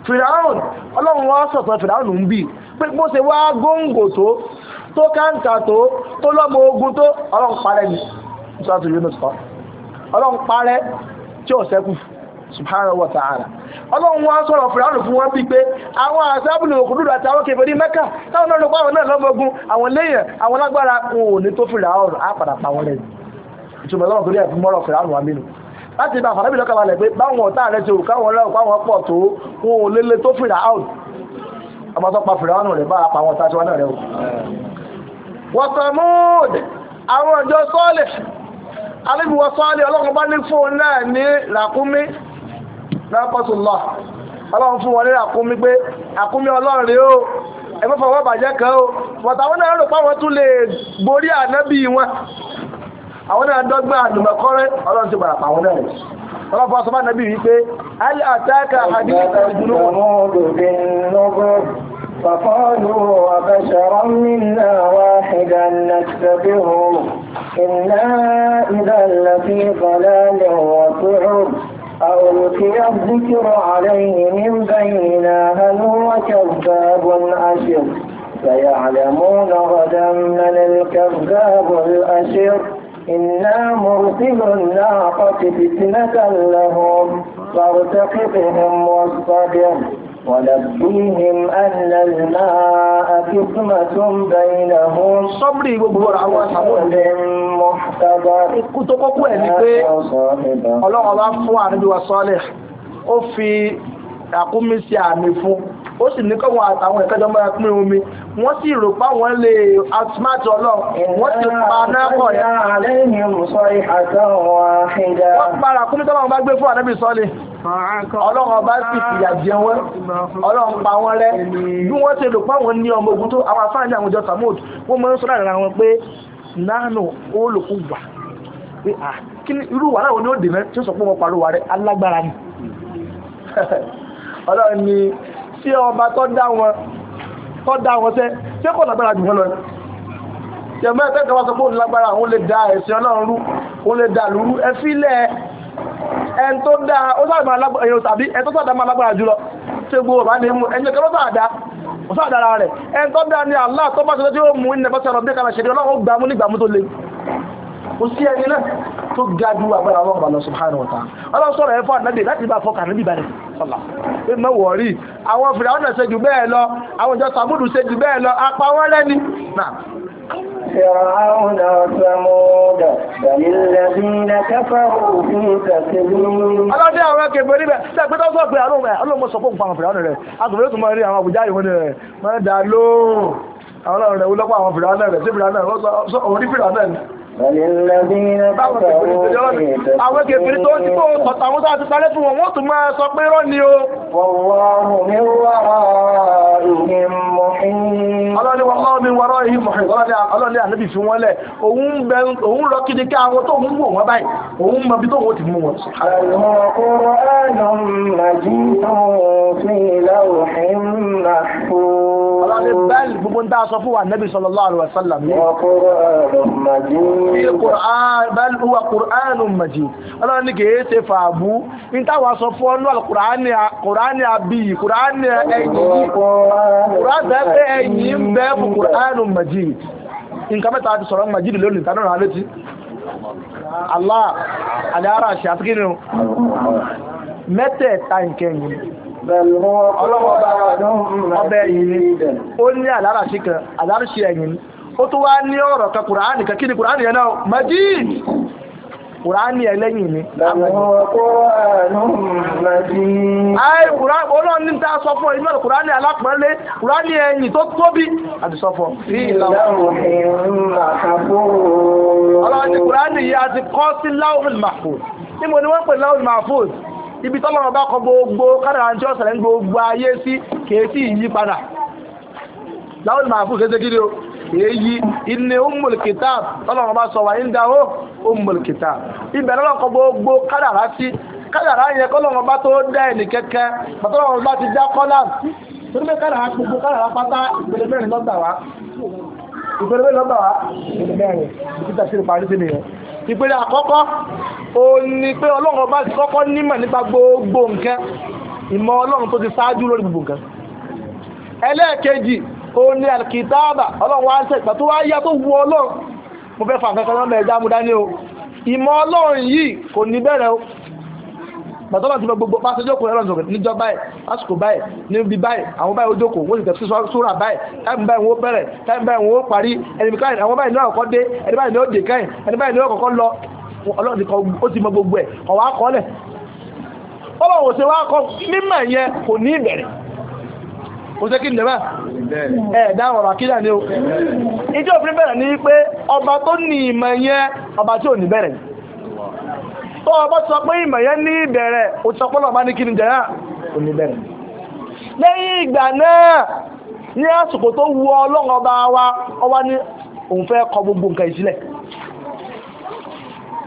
fìràún ọlọ́run wọ́n sọ̀tọ̀ fìràún ń bì pé bó wá góńgò tó tó káńtà tó tó lọ́mọ ogun tó ọlọ́run parẹ́ ni sọ́tọ̀ yóò sọ ọlọ́run parẹ́ tí ò sẹ́kù subhanahu wa ta'ala ọlọ́run sọ̀rọ̀ fún wọn bí pé àwọn àtàwọn mẹ́kà táwọn náà ogun àwọn àwọn lágbára ní tó á padà pa wọn lẹ́yìn ìtumọ̀ mọ́rọ̀ láti ibà fàdábì lọ́kàn balẹ̀ pé báwọn ọ̀tá rẹ̀ ti rò káwọn ọlọ́run páwọn pọ̀ tó wọn ò lélẹ̀ tó fìrà áùn ọmọ tó pa fìrà áùn rẹ̀ bá pa àwọn ọ̀tá tiwa náà rẹ̀ o. wọ́tọ̀múd àwọn ọjọ́ sọ́ọ̀lẹ̀ alẹ́bíwọ̀ sọ́ọ̀lẹ̀ ọlọ́run bá ní fóun náà ní ràkúnmí àwọn náà dọ́gbà àdùmọ̀kọ́rẹ́ ọlọ́run ti gbàràpà àwọn náà ọlọ́pàá sọ bá nàbí wípé al àtàkà àdìgbà ìdúró فقالوا وبشرا منا واحدا نتبعه إنا إذا لفي ضلال وسعر أو ألقي الذكر عليه من بيننا هل هو كذاب أشر سيعلمون غدا من الكذاب الأشر إنا مرسل الناقة فتنة لهم فارتقبهم واصطبر ونبيهم أن الماء كثمة بينهم صبري بقبور عوان محتضر كنت قوة لكي الله الله فوان بوصالح ó fi àkúmí sí ó sì ní kọ́wọ́n àtàwọn ìkẹjọ mọ́ra pín omi wọ́n sì rò pa lè outsmart ọlọ́run wọ́n ti pa náà pọ̀ yẹn. wọ́n para kúmi tọ́lá olùkúgbà pé à kí ni irú wàhálà wo ni ó dènà tí ó sọ pé wọ́n pariwo rẹ alágbára ni [laughs] ọlọ́run ni tí ọba tó dá wọn tó dá wọn tẹ́ tí kò lágbára jù lọ jẹ̀mọ́ ẹ̀fẹ́ kan wá sọ pé òun lágbára òun lè da ẹ̀sìn ọlọ́run rú òun lè da lùrú ẹ fílẹ̀ ẹn tó dá ó sáàdá tàbí ẹn tó sáàdá máa lágbára jùlọ tí gbogbo ọba ní mú ẹni kan ló sáàdá ó sáàdá ara rẹ̀ ẹn tó dá ní Allah tó bá sọ tí ó mú ìnẹ̀bọ́sọ̀rọ̀ bí kan ṣe kò sí ẹni náà tó ga ju agbára ọlọ́run bá lọ subhanahu wa ta'ala ọlọ́run sọ̀rọ̀ ẹ̀ fún ànábì láti bá fọkàn níbi ìbàdàn sọ̀lá pé mẹ́wọ̀ rí àwọn fìrà ọ̀nà ṣe jù bẹ́ẹ̀ lọ àwọn ìjọ sàmúdù ṣe jù bẹ́ẹ̀ lọ apá wọn lẹ́ni náà فرعون وثمود بل الذين àwọn akẹgbẹ́ níbẹ̀ tí ẹgbẹ́ tó sọ pé àlọ́mọ sọ fún òun fún àwọn fìrà rẹ̀ agbẹ̀rẹ̀ tó máa rí àwọn àbújá ìwọ́n rẹ̀ máa dà lóòrùn àwọn ọ̀rẹ́ olọ́pọ̀ àwọn fìrànà rẹ̀ sí fìrànà ọ̀rí fìrànà ni àwọn kèfèrè tó tí kò tọ̀tàwọn tó àti parẹ́ fún wọn wọ́n tún máa sọ pé rọ́ ni o ọlọ́ni ànábì fi wọ́n lẹ̀ òun rọ kí ní ká àwọn tó mú wọn báyìí òun mọ̀ bí tó wọ́n ti mú wọn ọlọ́ni bẹ́ẹ̀lì gbogbo ń dá sọ fún wa nabi sallallahu alaihi wasallam ní huwa qur'anun majid ọlọ́run ní kìí ṣe fàábú ní táwa sọ fún ọ́nú alkùránì àbí kùránì ẹ̀yìn kùránì ẹ̀yìn ń bẹ fún qur'anun majid nǹkan mẹ́ta ti sọ̀rọ̀ majid lónìí tánà rà létí Allah alára ṣe àtúkínú mẹ́tẹ̀ẹ̀ta nkẹyìn ọbẹ̀ yìí ó ní àláràṣí kan àláràṣí ẹ̀yìn kùránì ẹlẹ́yìn ni ayé kùránì olóòn ní ta sọ fún ìmọ̀ kùránì alápọ̀lẹ́ kùránì ẹ̀yìn tó tóbi àti sọ fún ọlọ́run ti kùránì yìí àti kọ́ sí láwùmí mahfuz ibi tọ́lọ́run bá kọ gbogbo kádàrá tí ó ṣẹlẹ̀ ní gbogbo ayé sí kèéfì yí padà láwọn máa fún kéde kíri o èyí inú ummul kitab tọ́lọ́run bá sọ wà ń da ó ummul kitab ibẹ̀ lọ́lọ́kọ gbogbo kádàrá sí kádàrá yẹn kọ́lọ́run bá tó dá ẹnì kẹ́kẹ́ bàtọ́lọ́run bá ti dá kọ́lá torí pé kádàrá gbogbo kádàrá pátá ìpele mẹ́rin lọ́gbà wá ìpele mẹ́rin lọ́gbà ìpele àkọ́kọ́ ó ní pé ọlọ́run ọba ti kọ́kọ́ nímọ̀ nípa gbogbo nǹkan ìmọ̀ ọlọ́run tó ti ṣáájú lórí gbogbo nǹkan ẹlẹ́ẹ̀kejì ó ní alkitaba ọlọ́run wá ń sẹ́gbà tó wá yá tó wu ọlọ́run mo fẹ́ fà o ìmọ̀ ọlọ́run yìí kò ní bàtọ́ bá ti lọ gbogbo pàṣẹ jókòó ẹ̀rọ ìṣòkè níjọ báyìí lásìkò báyìí níbi báyìí àwọn báyìí ó jókòó wọ́n sì tẹ̀sí sóra báyìí táìmù báyìí wọ́n bẹ̀rẹ̀ táìmù báyìí wọ́n parí káyìn àwọn lọ ọlọ́ọ̀dì kan ó ti mọ gbogbo ẹ̀ wá kọ́ ọba tó ní ìmọ̀ yẹn tó ọba sọ pé ìmọ̀ yẹn ní ìbẹ̀rẹ̀ ó sọ pé ọba ní kí ni jẹ́ náà o ní bẹ̀rẹ̀ lẹ́yìn ìgbà náà ní àsìkò tó wu ọlọ́run ọba wa ọba ní òun fẹ́ kọ gbogbo nǹkan ìsílẹ̀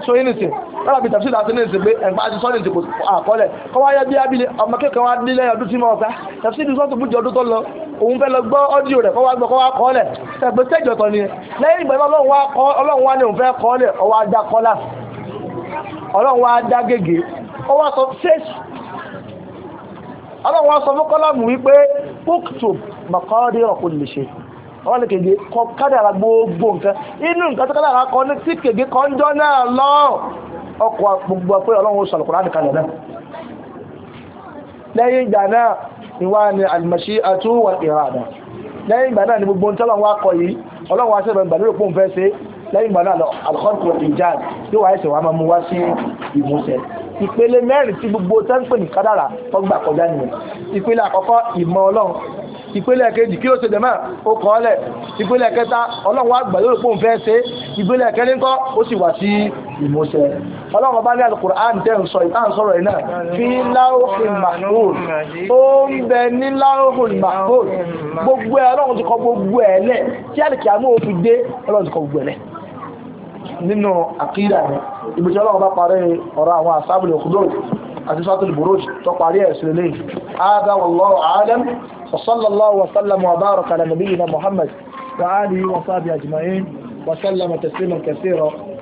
so yìí nìsín lára bíi tàbísí láti ní ìsìn pé ẹ̀ǹpá ti sọ́ọ́ ní ìsìn àkọọ́lẹ̀ kọ́ wá yẹ bí abílẹ̀ ọmọ kékeré wa nílẹ̀ ọdún tí mo ọ̀gá tàbísí ní sọ́ọ̀tù bújọ ọdún tó lọ òun fẹ́ lọ gbọ́ ọ́díò rẹ̀ kọ́ wá gbọ́ kọ́ wá kọ́ọ́lẹ̀ tẹ̀gbẹ́ sẹ́jọ̀tọ̀ ni lẹ́yìn ìgbà ọlọ́run wá ní òun fẹ́ kọ́ọ́lẹ̀ ọwọ́ ajá kọ́lá ọlọ́run wá dá sọ ṣéṣì ọlọ́run sọ fún kọ́lọ́mù wípé púktù ṣe wọ́n lè kègé kọ kádàrà gbogbo nke. inú nǹkan tó kádàrà kọ ní tí kègé kọ́ ń jọ náà lọ ọkọ̀ gbogbo pé ọlọ́run sọ̀rọ̀ kùrá náà lẹ́yìn ìgbà náà àlùmọ̀ṣí ìràdà lẹ́yìn ìgbà náà ni gbogbo ń lẹ́yìn gbọ́nà alkhọ́kùn ìjáàd tí wà ẹ̀sẹ̀ wà máa mú wá sí ìmúṣẹ ìpele mẹ́rin tí gbogbo tẹ́ǹpẹ̀ ní kádàrà ọgbà kọjá nìyẹn ìpele àkọ́kọ́ ìmọ̀ ọlọ́run ìpele ẹ̀kejì kí ó ṣe dẹ̀mọ́ ó kọ́ ọ́lẹ̀ ìpele ẹ̀kẹta ọlọ́run wá gbà pòun fẹ́ ṣe ìpele ẹ̀kẹrin ó sì wà sí ìmúṣẹ ọlọ́run bá ní alukur'an tẹ́ ń sọ ìtàn sọ̀rọ̀ iná fi láòfin mahfuz tó ń bẹ ní láòfin mahfuz gbogbo ẹ̀ ọlọ́run ti kọ gbogbo ẹ̀ lẹ̀ tí àlìkí àmú òfin dé ọlọ́run ti kọ gbogbo ẹ̀ lẹ̀ nínú àkídà rẹ̀ ibi ọlọ́run bá parí ọ̀rọ̀ àwọn àsábìlì òkúdó àti sọ́tìlì buruj tó parí ẹ̀ sí lélẹ́yìn هذا والله أعلم وصلى الله وسلم وبارك على نبينا محمد وآله وصحبه أجمعين وسلم تسليما كثيرا